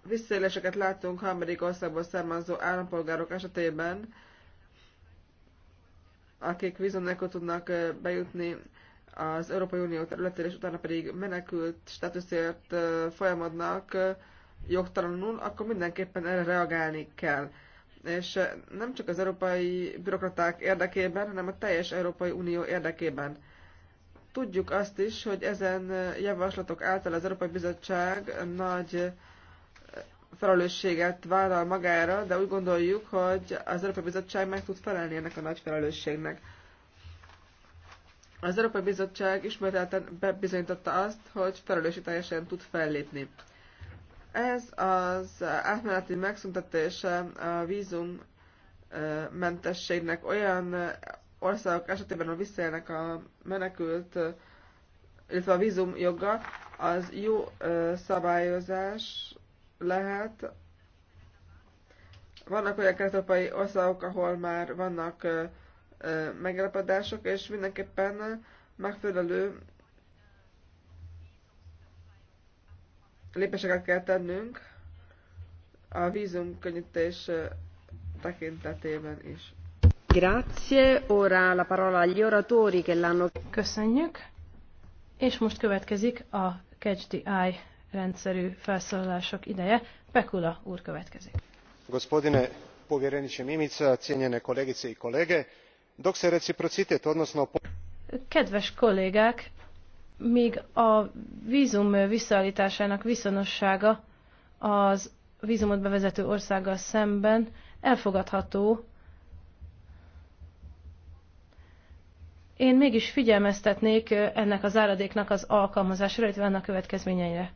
visszaéléseket látunk harmadik országból származó állampolgárok esetében, akik vízum tudnak bejutni az Európai Unió területére, és utána pedig menekült státuszért folyamodnak jogtalanul, akkor mindenképpen erre reagálni kell. És nem csak az európai bürokraták érdekében, hanem a teljes Európai Unió érdekében. Tudjuk azt is, hogy ezen javaslatok által az Európai Bizottság nagy felelősséget vállal magára, de úgy gondoljuk, hogy az Európai Bizottság meg tud felelni ennek a nagy felelősségnek. Az Európai Bizottság ismételten bebizonyította azt, hogy felelősségteljesen tud fellépni. Ez az átmeneti megszüntetése a vízum olyan országok esetében, ahol visszaélnek a menekült, illetve a vízum joga, az jó szabályozás lehet. Vannak olyan kelet-európai országok, ahol már vannak megállapodások, és mindenképpen megfelelő lépéseket kell tennünk a könnyítés tekintetében is. Grazie, ora la parola agli oratori che l'hanno... Köszönjük, és most következik a Catch the Eye rendszerű felszólalások ideje. Pekula úr következik. Gospodine povjereniče Mimica, cijenjene kolegice i kolege, dok se reciprocitet, odnosno... Kedves kollégák, míg a vízum visszaállításának viszonossága az vízumot bevezető országgal szemben elfogadható, én mégis figyelmeztetnék ennek az áradéknak az alkalmazásra, illetve annak következményeire.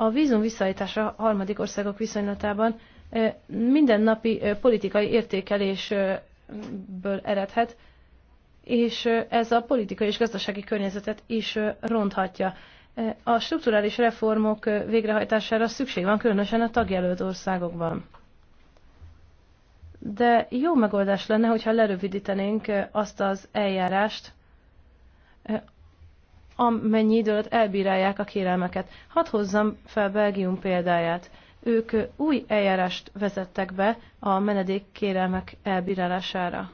A vízum visszaállítása harmadik országok viszonylatában mindennapi politikai értékelésből eredhet, és ez a politikai és gazdasági környezetet is ronthatja. A strukturális reformok végrehajtására szükség van, különösen a tagjelölt országokban. De jó megoldás lenne, hogyha lerövidítenénk azt az eljárást, amennyi idő alatt elbírálják a kérelmeket. Hadd hozzam fel Belgium példáját. Ők új eljárást vezettek be a kérelmek elbírálására.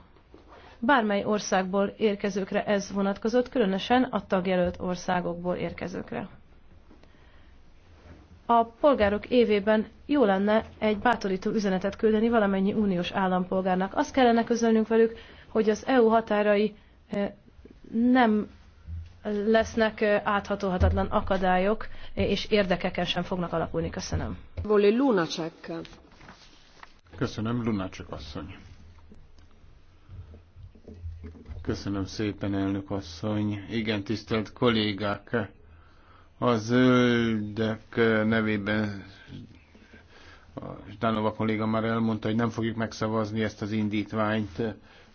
Bármely országból érkezőkre ez vonatkozott, különösen a tagjelölt országokból érkezőkre. A polgárok évében jó lenne egy bátorító üzenetet küldeni valamennyi uniós állampolgárnak. Azt kellene közölnünk velük, hogy az EU határai eh, nem lesznek áthatóhatatlan akadályok, és érdekeken sem fognak alapulni. Köszönöm. Voli Lunacek. Köszönöm, Lunacek asszony. Köszönöm szépen, elnök asszony. Igen, tisztelt kollégák, a zöldek nevében Danova kolléga már elmondta, hogy nem fogjuk megszavazni ezt az indítványt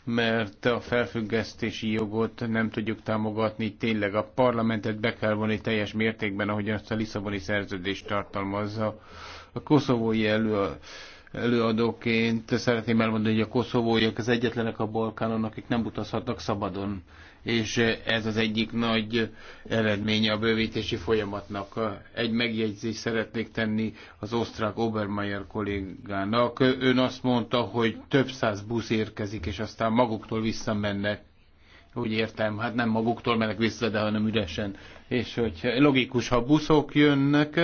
mert a felfüggesztési jogot nem tudjuk támogatni, tényleg a parlamentet be kell vonni teljes mértékben, ahogyan azt a Lisszaboni szerződés tartalmazza. A koszovói elő előadóként szeretném elmondani, hogy a koszovóiak az egyetlenek a Balkánon, akik nem utazhatnak szabadon, és ez az egyik nagy eredménye a bővítési folyamatnak. Egy megjegyzést szeretnék tenni az osztrák Obermeier kollégának. Ön azt mondta, hogy több száz busz érkezik, és aztán maguktól visszamennek. Úgy értem, hát nem maguktól mennek vissza, de hanem üresen. És hogy logikus, ha buszok jönnek,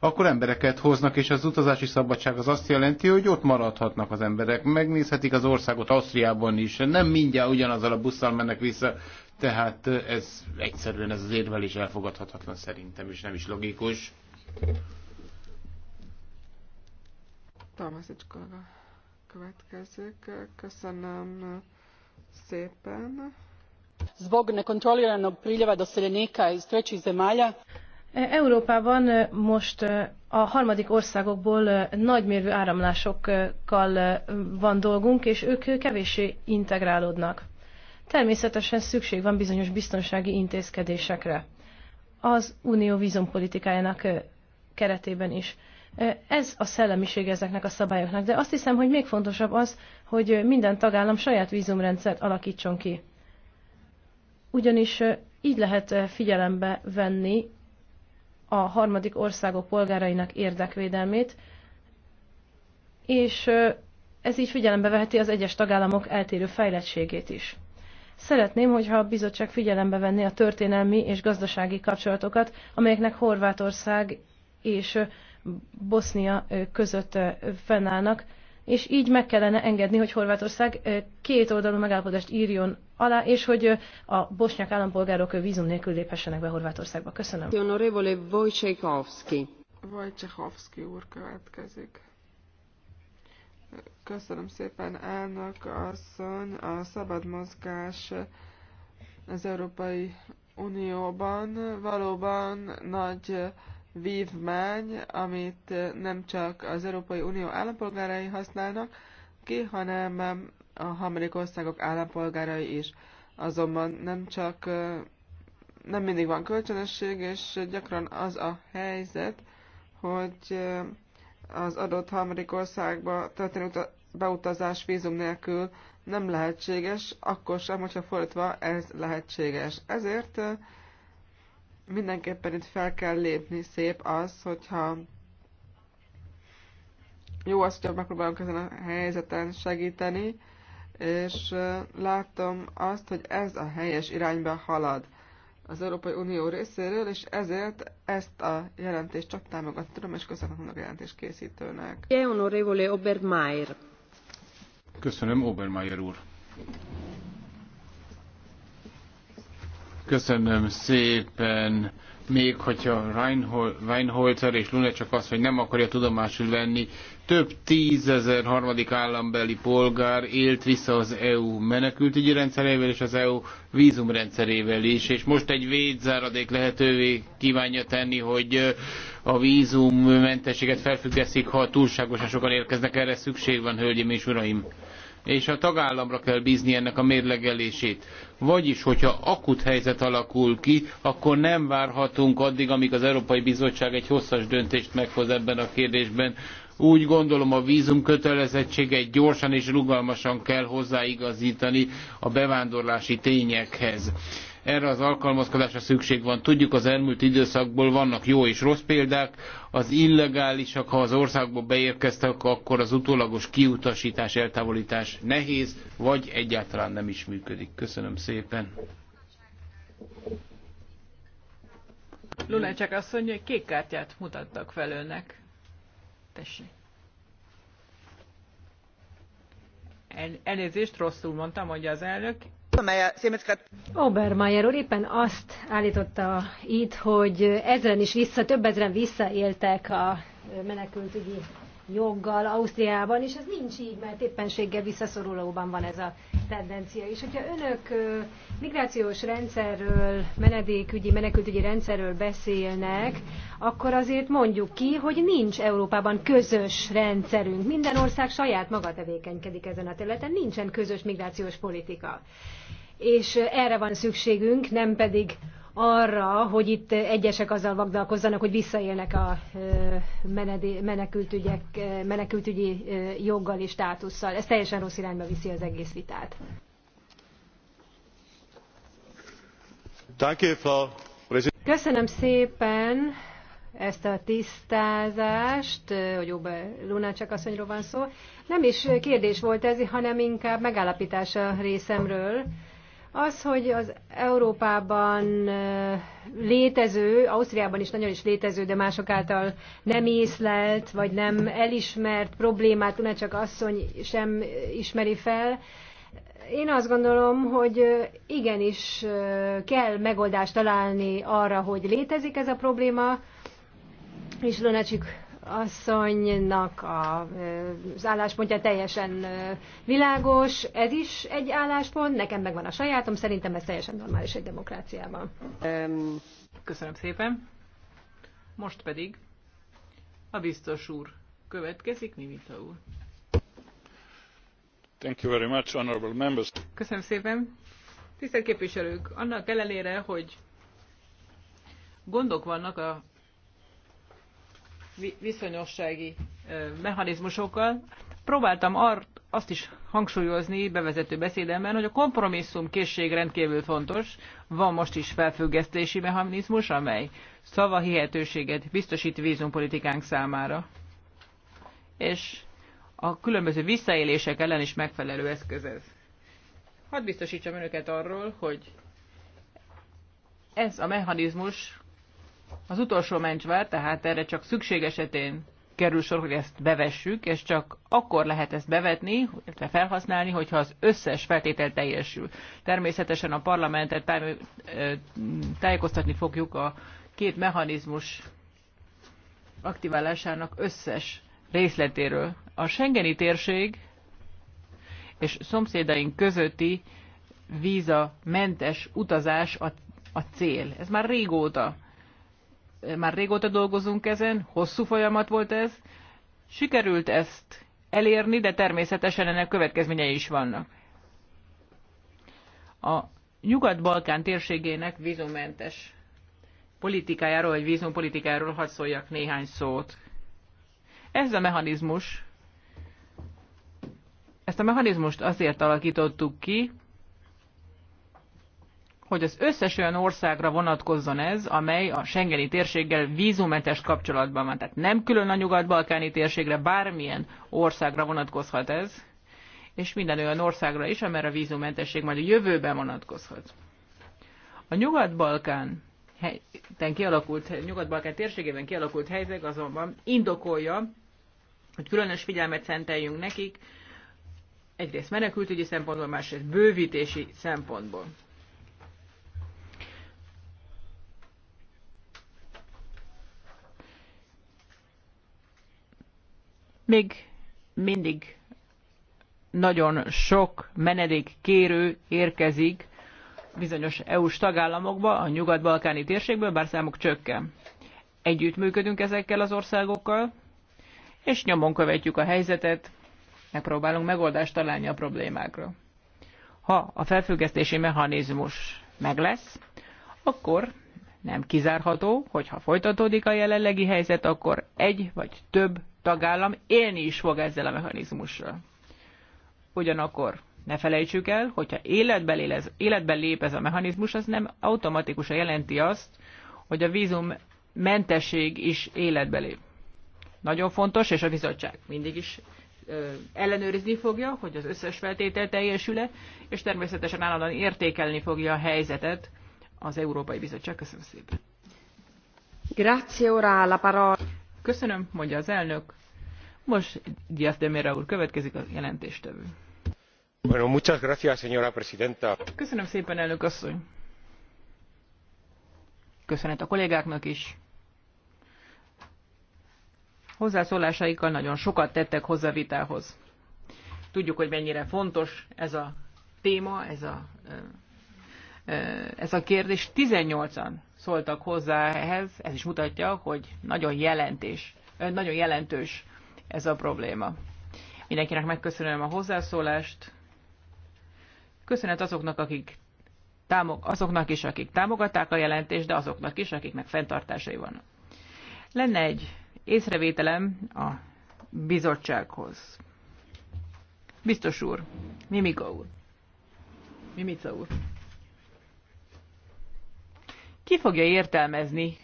akkor embereket hoznak, és az utazási szabadság az azt jelenti, hogy ott maradhatnak az emberek. Megnézhetik az országot Ausztriában is. Nem mindjárt ugyanazzal a busszal mennek vissza. Tehát ez egyszerűen ez az is elfogadhatatlan szerintem, és nem is logikus. Tamasics következők, következik. Köszönöm szépen zbog nekontroliranog priljeva doseljenika iz trećih zemalja e, Európában e, most e, a harmadik országokból nagymérvű áramlásokkal van dolgunk, és ők kevéssé integrálódnak. Természetesen szükség van bizonyos biztonsági intézkedésekre. Az unió vízumpolitikájának keretében is. Ez a szellemiség ezeknek a szabályoknak, de azt hiszem, hogy még fontosabb az, hogy minden tagállam saját vízumrendszert alakítson ki ugyanis így lehet figyelembe venni a harmadik országok polgárainak érdekvédelmét, és ez így figyelembe veheti az egyes tagállamok eltérő fejlettségét is. Szeretném, hogyha a bizottság figyelembe venné a történelmi és gazdasági kapcsolatokat, amelyeknek Horvátország és Bosznia között fennállnak, és így meg kellene engedni, hogy Horvátország két oldalú megállapodást írjon alá, és hogy a bosnyák állampolgárok vízum nélkül léphessenek be Horvátországba. Köszönöm. Honorevole Wojciechowski. Wojciechowski úr következik. Köszönöm szépen, elnök asszony. A szabad mozgás az Európai Unióban valóban nagy vívmány, amit nem csak az Európai Unió állampolgárai használnak ki, hanem a harmadik országok állampolgárai is. Azonban nem csak nem mindig van kölcsönösség, és gyakran az a helyzet, hogy az adott harmadik országba történő beutazás vízum nélkül nem lehetséges, akkor sem, hogyha fordítva ez lehetséges. Ezért mindenképpen itt fel kell lépni, szép az, hogyha jó az, hogyha megpróbálunk ezen a helyzeten segíteni, és látom azt, hogy ez a helyes irányba halad az Európai Unió részéről, és ezért ezt a jelentést csak támogatni tudom, és köszönöm a jelentés készítőnek. Köszönöm, Obermeier úr. Köszönöm szépen. Még hogyha Reinhold, Reinholzer és Lune csak azt, hogy nem akarja tudomásul venni, több tízezer harmadik állambeli polgár élt vissza az EU menekültügyi rendszerével és az EU vízumrendszerével is, és most egy védzáradék lehetővé kívánja tenni, hogy a vízummentességet felfüggeszik, ha túlságosan sokan érkeznek, erre szükség van, hölgyeim és uraim és a tagállamra kell bízni ennek a mérlegelését. Vagyis, hogyha akut helyzet alakul ki, akkor nem várhatunk addig, amíg az Európai Bizottság egy hosszas döntést meghoz ebben a kérdésben. Úgy gondolom a vízum kötelezettséget gyorsan és rugalmasan kell hozzáigazítani a bevándorlási tényekhez erre az alkalmazkodásra szükség van. Tudjuk, az elmúlt időszakból vannak jó és rossz példák. Az illegálisak, ha az országba beérkeztek, akkor az utólagos kiutasítás, eltávolítás nehéz, vagy egyáltalán nem is működik. Köszönöm szépen. csak azt mondja, hogy kék kártyát mutattak fel önnek. Tessék. El, elnézést, rosszul mondtam, mondja az elnök. Obermayer úr éppen azt állította itt, hogy ezren is vissza, több ezren visszaéltek a menekültügyi joggal Ausztriában, és ez nincs így, mert éppenséggel visszaszorulóban van ez a tendencia. És hogyha önök migrációs rendszerről, menedékügyi, menekültügyi rendszerről beszélnek, akkor azért mondjuk ki, hogy nincs Európában közös rendszerünk. Minden ország saját maga tevékenykedik ezen a területen, nincsen közös migrációs politika. És erre van szükségünk, nem pedig arra, hogy itt egyesek azzal vagdalkozzanak, hogy visszaélnek a menekültügyi joggal és státusszal. Ez teljesen rossz irányba viszi az egész vitát. Köszönöm szépen, ezt a tisztázást, hogy Luna Lunácsak asszonyról van szó. Nem is kérdés volt ez, hanem inkább megállapítása részemről. Az, hogy az Európában létező, Ausztriában is nagyon is létező, de mások által nem észlelt, vagy nem elismert problémát, ne csak asszony sem ismeri fel, én azt gondolom, hogy igenis kell megoldást találni arra, hogy létezik ez a probléma, és Lunacsik asszonynak a, az álláspontja teljesen világos, ez is egy álláspont, nekem megvan a sajátom, szerintem ez teljesen normális egy demokráciában. Köszönöm szépen. Most pedig a biztos úr következik, Mimita úr. Thank you very much, honorable members. Köszönöm szépen. Tisztelt képviselők, annak ellenére, hogy gondok vannak a viszonyossági mechanizmusokkal. Próbáltam azt is hangsúlyozni bevezető beszédemben, hogy a kompromisszum készség rendkívül fontos. Van most is felfüggesztési mechanizmus, amely szavahihetőséget biztosít vízumpolitikánk számára. És a különböző visszaélések ellen is megfelelő eszköz ez. Hadd biztosítsam önöket arról, hogy ez a mechanizmus az utolsó mencsvár, tehát erre csak szükség esetén kerül sor, hogy ezt bevessük, és csak akkor lehet ezt bevetni, illetve felhasználni, hogyha az összes feltétel teljesül. Természetesen a parlamentet tájékoztatni fogjuk a két mechanizmus aktiválásának összes részletéről. A Schengeni térség és szomszédaink közötti vízamentes mentes utazás a, a cél. Ez már régóta már régóta dolgozunk ezen, hosszú folyamat volt ez. Sikerült ezt elérni, de természetesen ennek következményei is vannak. A Nyugat-Balkán térségének vízumentes politikájáról, vagy vízumpolitikáról hadd szóljak néhány szót. Ez a mechanizmus, ezt a mechanizmust azért alakítottuk ki, hogy az összes olyan országra vonatkozzon ez, amely a Schengeni térséggel vízumentes kapcsolatban van. Tehát nem külön a nyugat-balkáni térségre, bármilyen országra vonatkozhat ez, és minden olyan országra is, amelyre a vízumentesség majd a jövőben vonatkozhat. A nyugat-balkán kialakult, nyugat-balkán térségében kialakult helyzet azonban indokolja, hogy különös figyelmet szenteljünk nekik, egyrészt menekültügyi szempontból, másrészt bővítési szempontból. Még mindig nagyon sok menedék kérő érkezik bizonyos EU-s tagállamokba, a nyugat-balkáni térségből, bár számuk csökken. Együttműködünk ezekkel az országokkal, és nyomon követjük a helyzetet, megpróbálunk megoldást találni a problémákra. Ha a felfüggesztési mechanizmus meg lesz, akkor nem kizárható, hogy ha folytatódik a jelenlegi helyzet, akkor egy vagy több tagállam élni is fog ezzel a mechanizmussal. Ugyanakkor ne felejtsük el, hogyha életben, lélez, életben lép ez a mechanizmus, az nem automatikusan jelenti azt, hogy a vízum mentesség is életbe lép. Nagyon fontos, és a bizottság mindig is ö, ellenőrizni fogja, hogy az összes feltétel teljesül-e, és természetesen állandóan értékelni fogja a helyzetet az Európai Bizottság. Köszönöm szépen. Grazie ora la parola. Köszönöm, mondja az elnök. Most Díaz de Mera úr következik a jelentéstevő. Bueno, muchas gracias, señora presidenta. Köszönöm szépen, elnök asszony. Köszönet a kollégáknak is. Hozzászólásaikkal nagyon sokat tettek hozzá vitához. Tudjuk, hogy mennyire fontos ez a téma, ez a, ez a kérdés. 18-an szóltak hozzá ehhez, ez is mutatja, hogy nagyon, jelentés, nagyon jelentős ez a probléma. Mindenkinek megköszönöm a hozzászólást. Köszönet azoknak, akik támog, azoknak is, akik támogatták a jelentést, de azoknak is, akiknek fenntartásai vannak. Lenne egy észrevételem a bizottsághoz. Biztos úr, Mimika úr, Mimica úr. Ki fogja értelmezni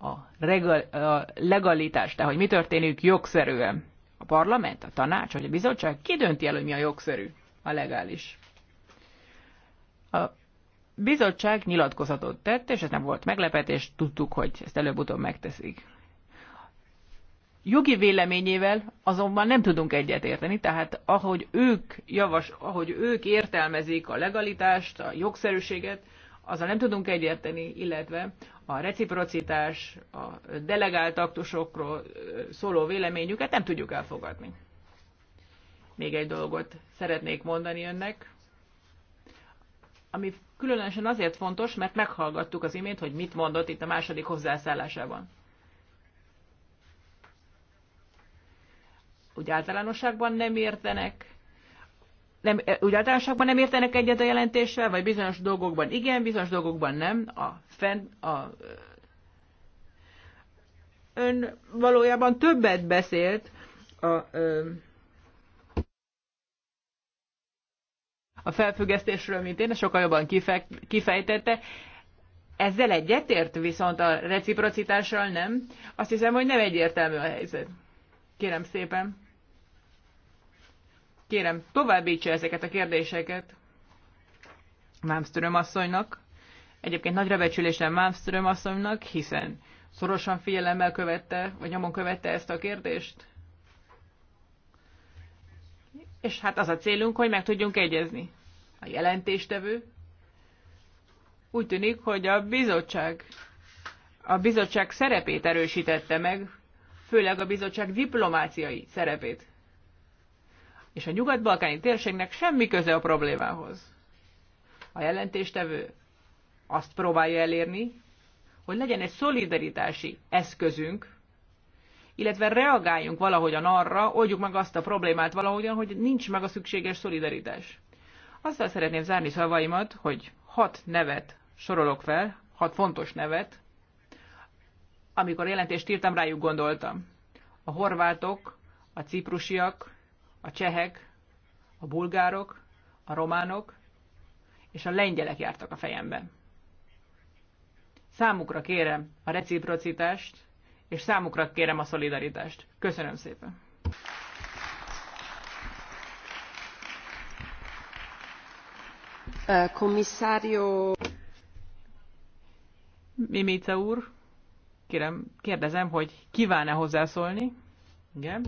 a, regal, a legalitást, tehát hogy mi történik jogszerűen? A parlament, a tanács, vagy a bizottság? Ki dönti el, hogy mi a jogszerű, a legális? A bizottság nyilatkozatot tett, és ez nem volt meglepetés, tudtuk, hogy ezt előbb-utóbb megteszik. Jogi véleményével azonban nem tudunk egyetérteni, tehát ahogy ők, javas, ahogy ők értelmezik a legalitást, a jogszerűséget, azzal nem tudunk egyérteni, illetve a reciprocitás, a delegált aktusokról szóló véleményüket nem tudjuk elfogadni. Még egy dolgot szeretnék mondani önnek, ami különösen azért fontos, mert meghallgattuk az imént, hogy mit mondott itt a második hozzászállásában. Úgy általánosságban nem értenek nem, e, úgy általánosakban nem értenek egyet a jelentéssel, vagy bizonyos dolgokban igen, bizonyos dolgokban nem, a fen, a ön valójában többet beszélt a, a felfüggesztésről, mint én, sokkal jobban kifejtette. Ezzel egyetért, viszont a reciprocitással nem. Azt hiszem, hogy nem egyértelmű a helyzet. Kérem szépen. Kérem, továbbítsa ezeket a kérdéseket Mámström asszonynak. Egyébként nagy becsülésem Mámström asszonynak, hiszen szorosan figyelemmel követte, vagy nyomon követte ezt a kérdést. És hát az a célunk, hogy meg tudjunk egyezni. A jelentéstevő úgy tűnik, hogy a bizottság a bizottság szerepét erősítette meg, főleg a bizottság diplomáciai szerepét és a nyugat-balkáni térségnek semmi köze a problémához. A jelentéstevő azt próbálja elérni, hogy legyen egy szolidaritási eszközünk, illetve reagáljunk valahogyan arra, oldjuk meg azt a problémát valahogyan, hogy nincs meg a szükséges szolidaritás. Azzal szeretném zárni szavaimat, hogy hat nevet sorolok fel, hat fontos nevet, amikor jelentést írtam, rájuk gondoltam. A horvátok, a ciprusiak, a csehek, a bulgárok, a románok és a lengyelek jártak a fejemben. Számukra kérem a reciprocitást, és számukra kérem a szolidaritást. Köszönöm szépen! Komisszárió... Eh, Mimica úr, kérem, kérdezem, hogy kíván-e hozzászólni? Igen.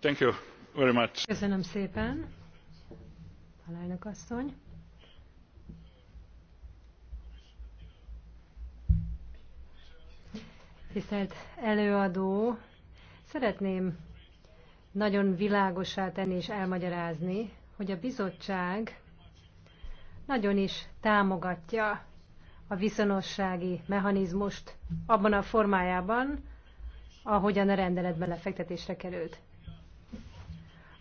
Thank you very much. Köszönöm szépen, alelnök asszony. Tisztelt előadó, szeretném nagyon világosá tenni és elmagyarázni, hogy a bizottság nagyon is támogatja a viszonossági mechanizmust abban a formájában, ahogyan a rendeletben lefektetésre került.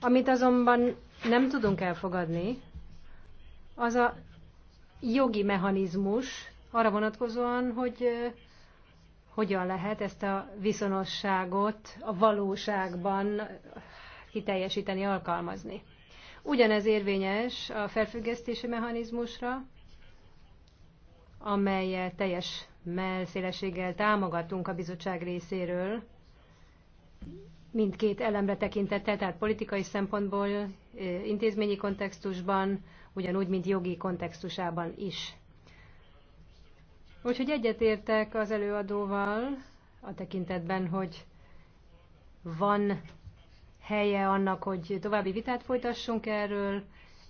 Amit azonban nem tudunk elfogadni, az a jogi mechanizmus arra vonatkozóan, hogy hogyan lehet ezt a viszonosságot a valóságban kiteljesíteni, alkalmazni. Ugyanez érvényes a felfüggesztési mechanizmusra, amelyet teljes melszélességgel támogatunk a bizottság részéről, mindkét elemre tekintette, tehát politikai szempontból, intézményi kontextusban, ugyanúgy, mint jogi kontextusában is. Úgyhogy egyetértek az előadóval a tekintetben, hogy van helye annak, hogy további vitát folytassunk erről,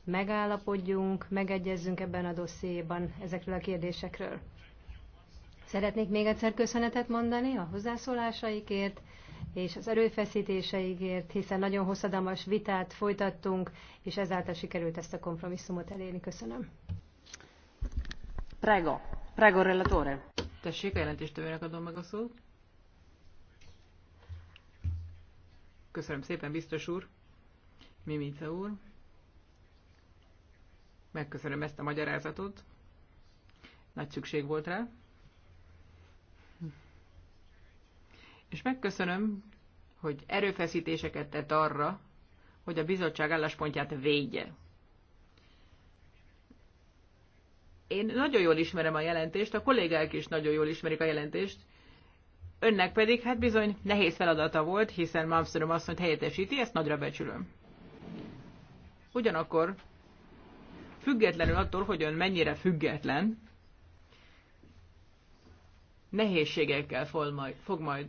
megállapodjunk, megegyezzünk ebben a dossziéban ezekről a kérdésekről. Szeretnék még egyszer köszönetet mondani a hozzászólásaikért, és az erőfeszítéseigért, hiszen nagyon hosszadalmas vitát folytattunk, és ezáltal sikerült ezt a kompromisszumot elérni. Köszönöm. Prego. Prego, relatore. Tessék, a jelentéstevőnek adom meg a szót. Köszönöm szépen, biztos úr. Mimica úr. Megköszönöm ezt a magyarázatot. Nagy szükség volt rá. És megköszönöm, hogy erőfeszítéseket tett arra, hogy a bizottság álláspontját védje. Én nagyon jól ismerem a jelentést, a kollégák is nagyon jól ismerik a jelentést, önnek pedig hát bizony nehéz feladata volt, hiszen Malmström asszonyt helyettesíti, ezt nagyra becsülöm. Ugyanakkor, függetlenül attól, hogy ön mennyire független, nehézségekkel fog majd, fog majd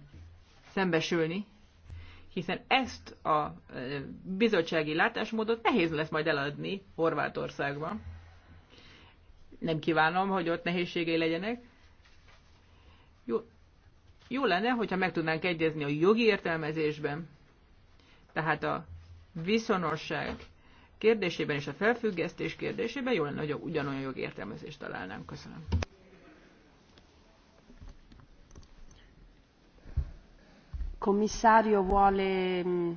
szembesülni, hiszen ezt a bizottsági látásmódot nehéz lesz majd eladni Horvátországban. Nem kívánom, hogy ott nehézségei legyenek. Jó, jó lenne, hogyha meg tudnánk egyezni a jogi értelmezésben, tehát a viszonosság kérdésében és a felfüggesztés kérdésében jó lenne, hogy ugyanolyan jogi értelmezést találnánk. Köszönöm. commissario vuole... Mm,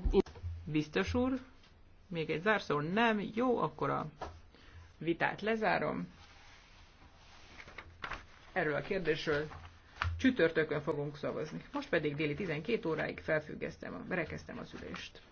Biztos úr, még egy zárszó nem, jó, akkor a vitát lezárom. Erről a kérdésről csütörtökön fogunk szavazni. Most pedig déli 12 óráig felfüggesztem, berekeztem az ülést.